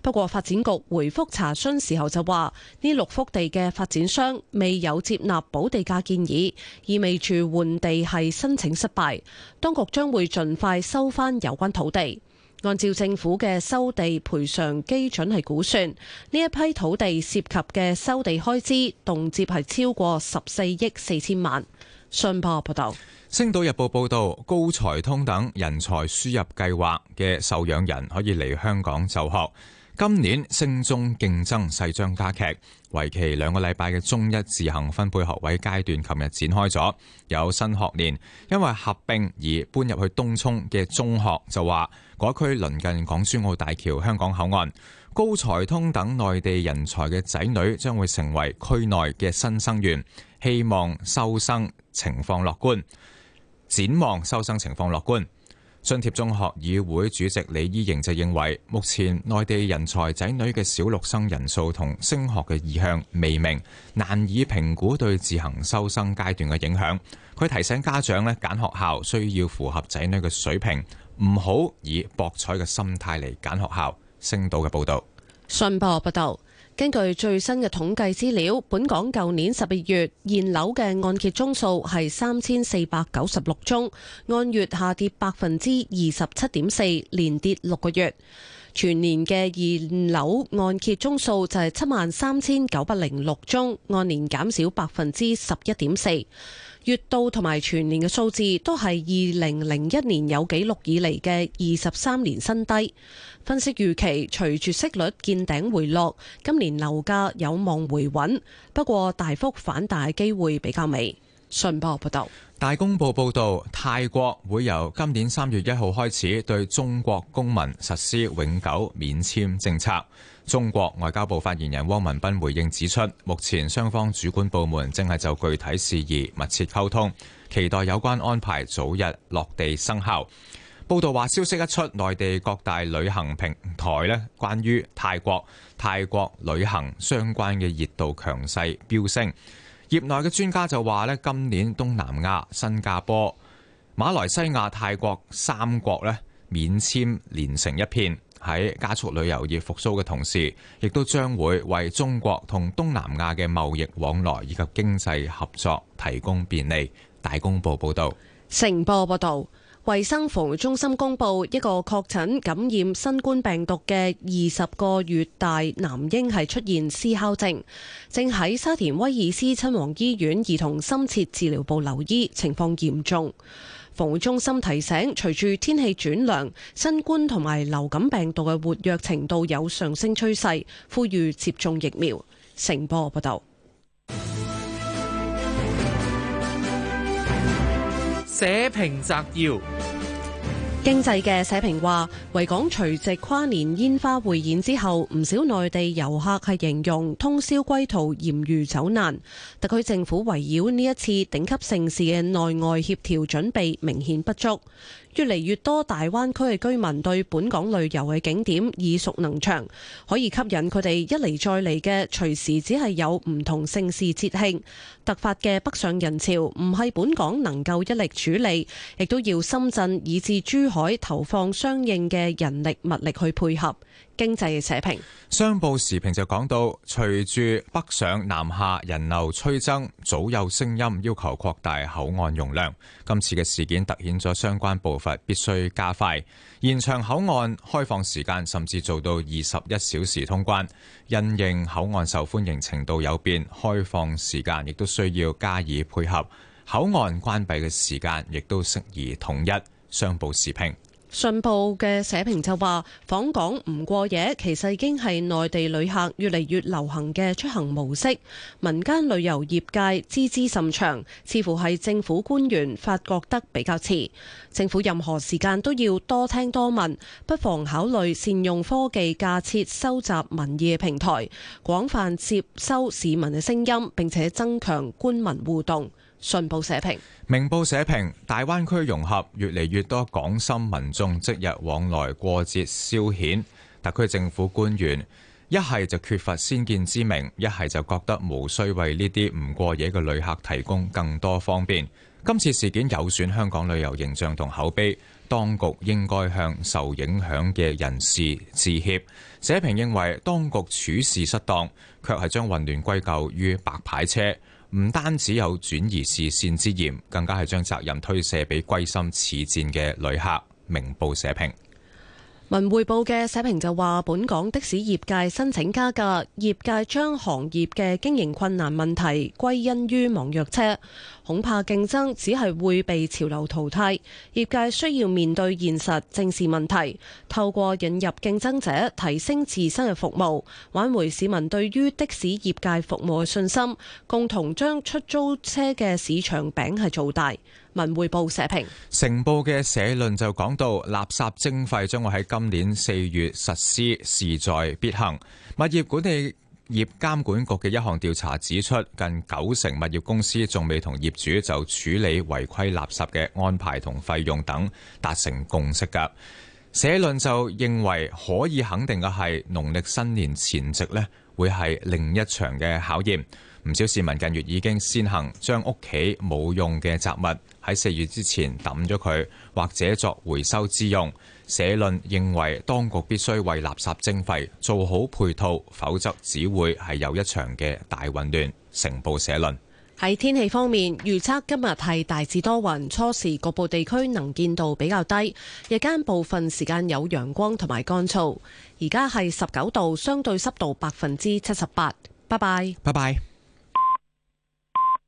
不過，發展局回覆查詢時候就話，呢六幅地嘅發展商未有接納補地價建議，意味住換地係申請失敗。當局將會盡快收翻有關土地。按照政府嘅收地賠償基準係估算，呢一批土地涉及嘅收地開支，動輒係超過十四億四千萬。信報報道，《星島日報》報道，高才通等人才輸入計劃嘅受養人可以嚟香港就學。今年升中競爭勢將加劇，為期兩個禮拜嘅中一自行分配學位階段，琴日展開咗。有新學年，因為合併而搬入去東涌嘅中學就話，該區鄰近港珠澳大橋香港口岸，高才通等內地人才嘅仔女將會成為區內嘅新生源。希望收生情況樂觀，展望收生情況樂觀。津貼中學議會主席李依瑩就認為，目前內地人才仔女嘅小六生人數同升學嘅意向未明，難以評估對自行收生階段嘅影響。佢提醒家長呢，揀學校需要符合仔女嘅水平，唔好以博彩嘅心態嚟揀學校。星島嘅報導，信報不報。根據最新嘅統計資料，本港舊年十二月現樓嘅按揭宗數係三千四百九十六宗，按月下跌百分之二十七點四，連跌六個月。全年嘅現樓按揭宗數就係七萬三千九百零六宗，按年減少百分之十一點四。月度同埋全年嘅數字都係二零零一年有紀錄以嚟嘅二十三年新低。分析預期，隨住息率見頂回落，今年樓價有望回穩，不過大幅反彈機會比較微。信報報道，大公報報道，泰國會由今年三月一號開始對中國公民實施永久免簽政策。中國外交部發言人汪文斌回應指出，目前雙方主管部門正係就具體事宜密切溝通，期待有關安排早日落地生效。報道話，消息一出，內地各大旅行平台呢，關於泰國、泰國旅行相關嘅熱度強勢飆升。業內嘅專家就話呢，今年東南亞、新加坡、馬來西亞、泰國三國呢，免簽連成一片。喺加速旅遊業復甦嘅同時，亦都將會為中國同東南亞嘅貿易往來以及經濟合作提供便利。大公報報道，《成報》報道，衛生防護中心公布一個確診感染新冠病毒嘅二十個月大男嬰係出現嘶哮症，正喺沙田威爾斯親王醫院兒童深切治療部留醫，情況嚴重。防護中心提醒，隨住天氣轉涼，新冠同埋流感病毒嘅活躍程度有上升趨勢，呼籲接種疫苗。成播報道。社評摘要。經濟嘅社評話，維港除夕跨年煙花匯演之後，唔少內地遊客係形容通宵歸途嚴如走難。特區政府圍繞呢一次頂級盛事嘅內外協調準備明顯不足。越嚟越多大灣區嘅居民對本港旅遊嘅景點耳熟能詳，可以吸引佢哋一嚟再嚟嘅，隨時只係有唔同盛事節慶，突發嘅北上人潮唔係本港能夠一力處理，亦都要深圳以至珠海投放相應嘅人力物力去配合。經濟嘅社評，商報時評就講到，隨住北上南下人流趨增，早有聲音要求擴大口岸容量。今次嘅事件突顯咗相關步伐必須加快，延長口岸開放時間，甚至做到二十一小時通關。因應口岸受歡迎程度有變，開放時間亦都需要加以配合。口岸關閉嘅時間亦都適宜統一。商報時評。信報嘅社評就話：訪港唔過夜，其實已經係內地旅客越嚟越流行嘅出行模式。民間旅遊業界知之甚詳，似乎係政府官員發覺得比較遲。政府任何時間都要多聽多問，不妨考慮善用科技架設收集民意嘅平台，廣泛接收市民嘅聲音，並且增強官民互動。信報社評：明報社評，大灣區融合越嚟越多港深民眾，即日往來過節消遣。特區政府官員一係就缺乏先見之明，一係就覺得無需為呢啲唔過夜嘅旅客提供更多方便。今次事件有損香港旅遊形象同口碑，當局應該向受影響嘅人士致歉。社評認為當局處事失當，卻係將混亂歸咎於白牌車。唔單止有轉移視線之嫌，更加係將責任推卸俾歸心似箭嘅旅客。明報社評。文匯報嘅社評就話，本港的士業界申請加價，業界將行業嘅經營困難問題歸因於網約車，恐怕競爭只係會被潮流淘汰。業界需要面對現實，正視問題，透過引入競爭者提升自身嘅服務，挽回市民對於的士業界服務嘅信心，共同將出租車嘅市場餅係做大。文匯報社評，成報嘅社論就講到，垃圾徵費將會喺今年四月實施，勢在必行。物業管理業監管局嘅一項調查指出，近九成物業公司仲未同業主就處理違規垃圾嘅安排同費用等達成共識。噶社論就認為，可以肯定嘅係，農曆新年前夕咧，會係另一場嘅考驗。唔少市民近月已經先行將屋企冇用嘅雜物。喺四月之前抌咗佢，或者作回收之用。社論認為當局必須為垃圾徵費做好配套，否則只會係有一場嘅大混亂。成報社論。喺天氣方面預測今日係大致多雲，初時局部地區能見度比較低，日間部分時間有陽光同埋乾燥。而家係十九度，相對濕度百分之七十八。拜拜。拜拜。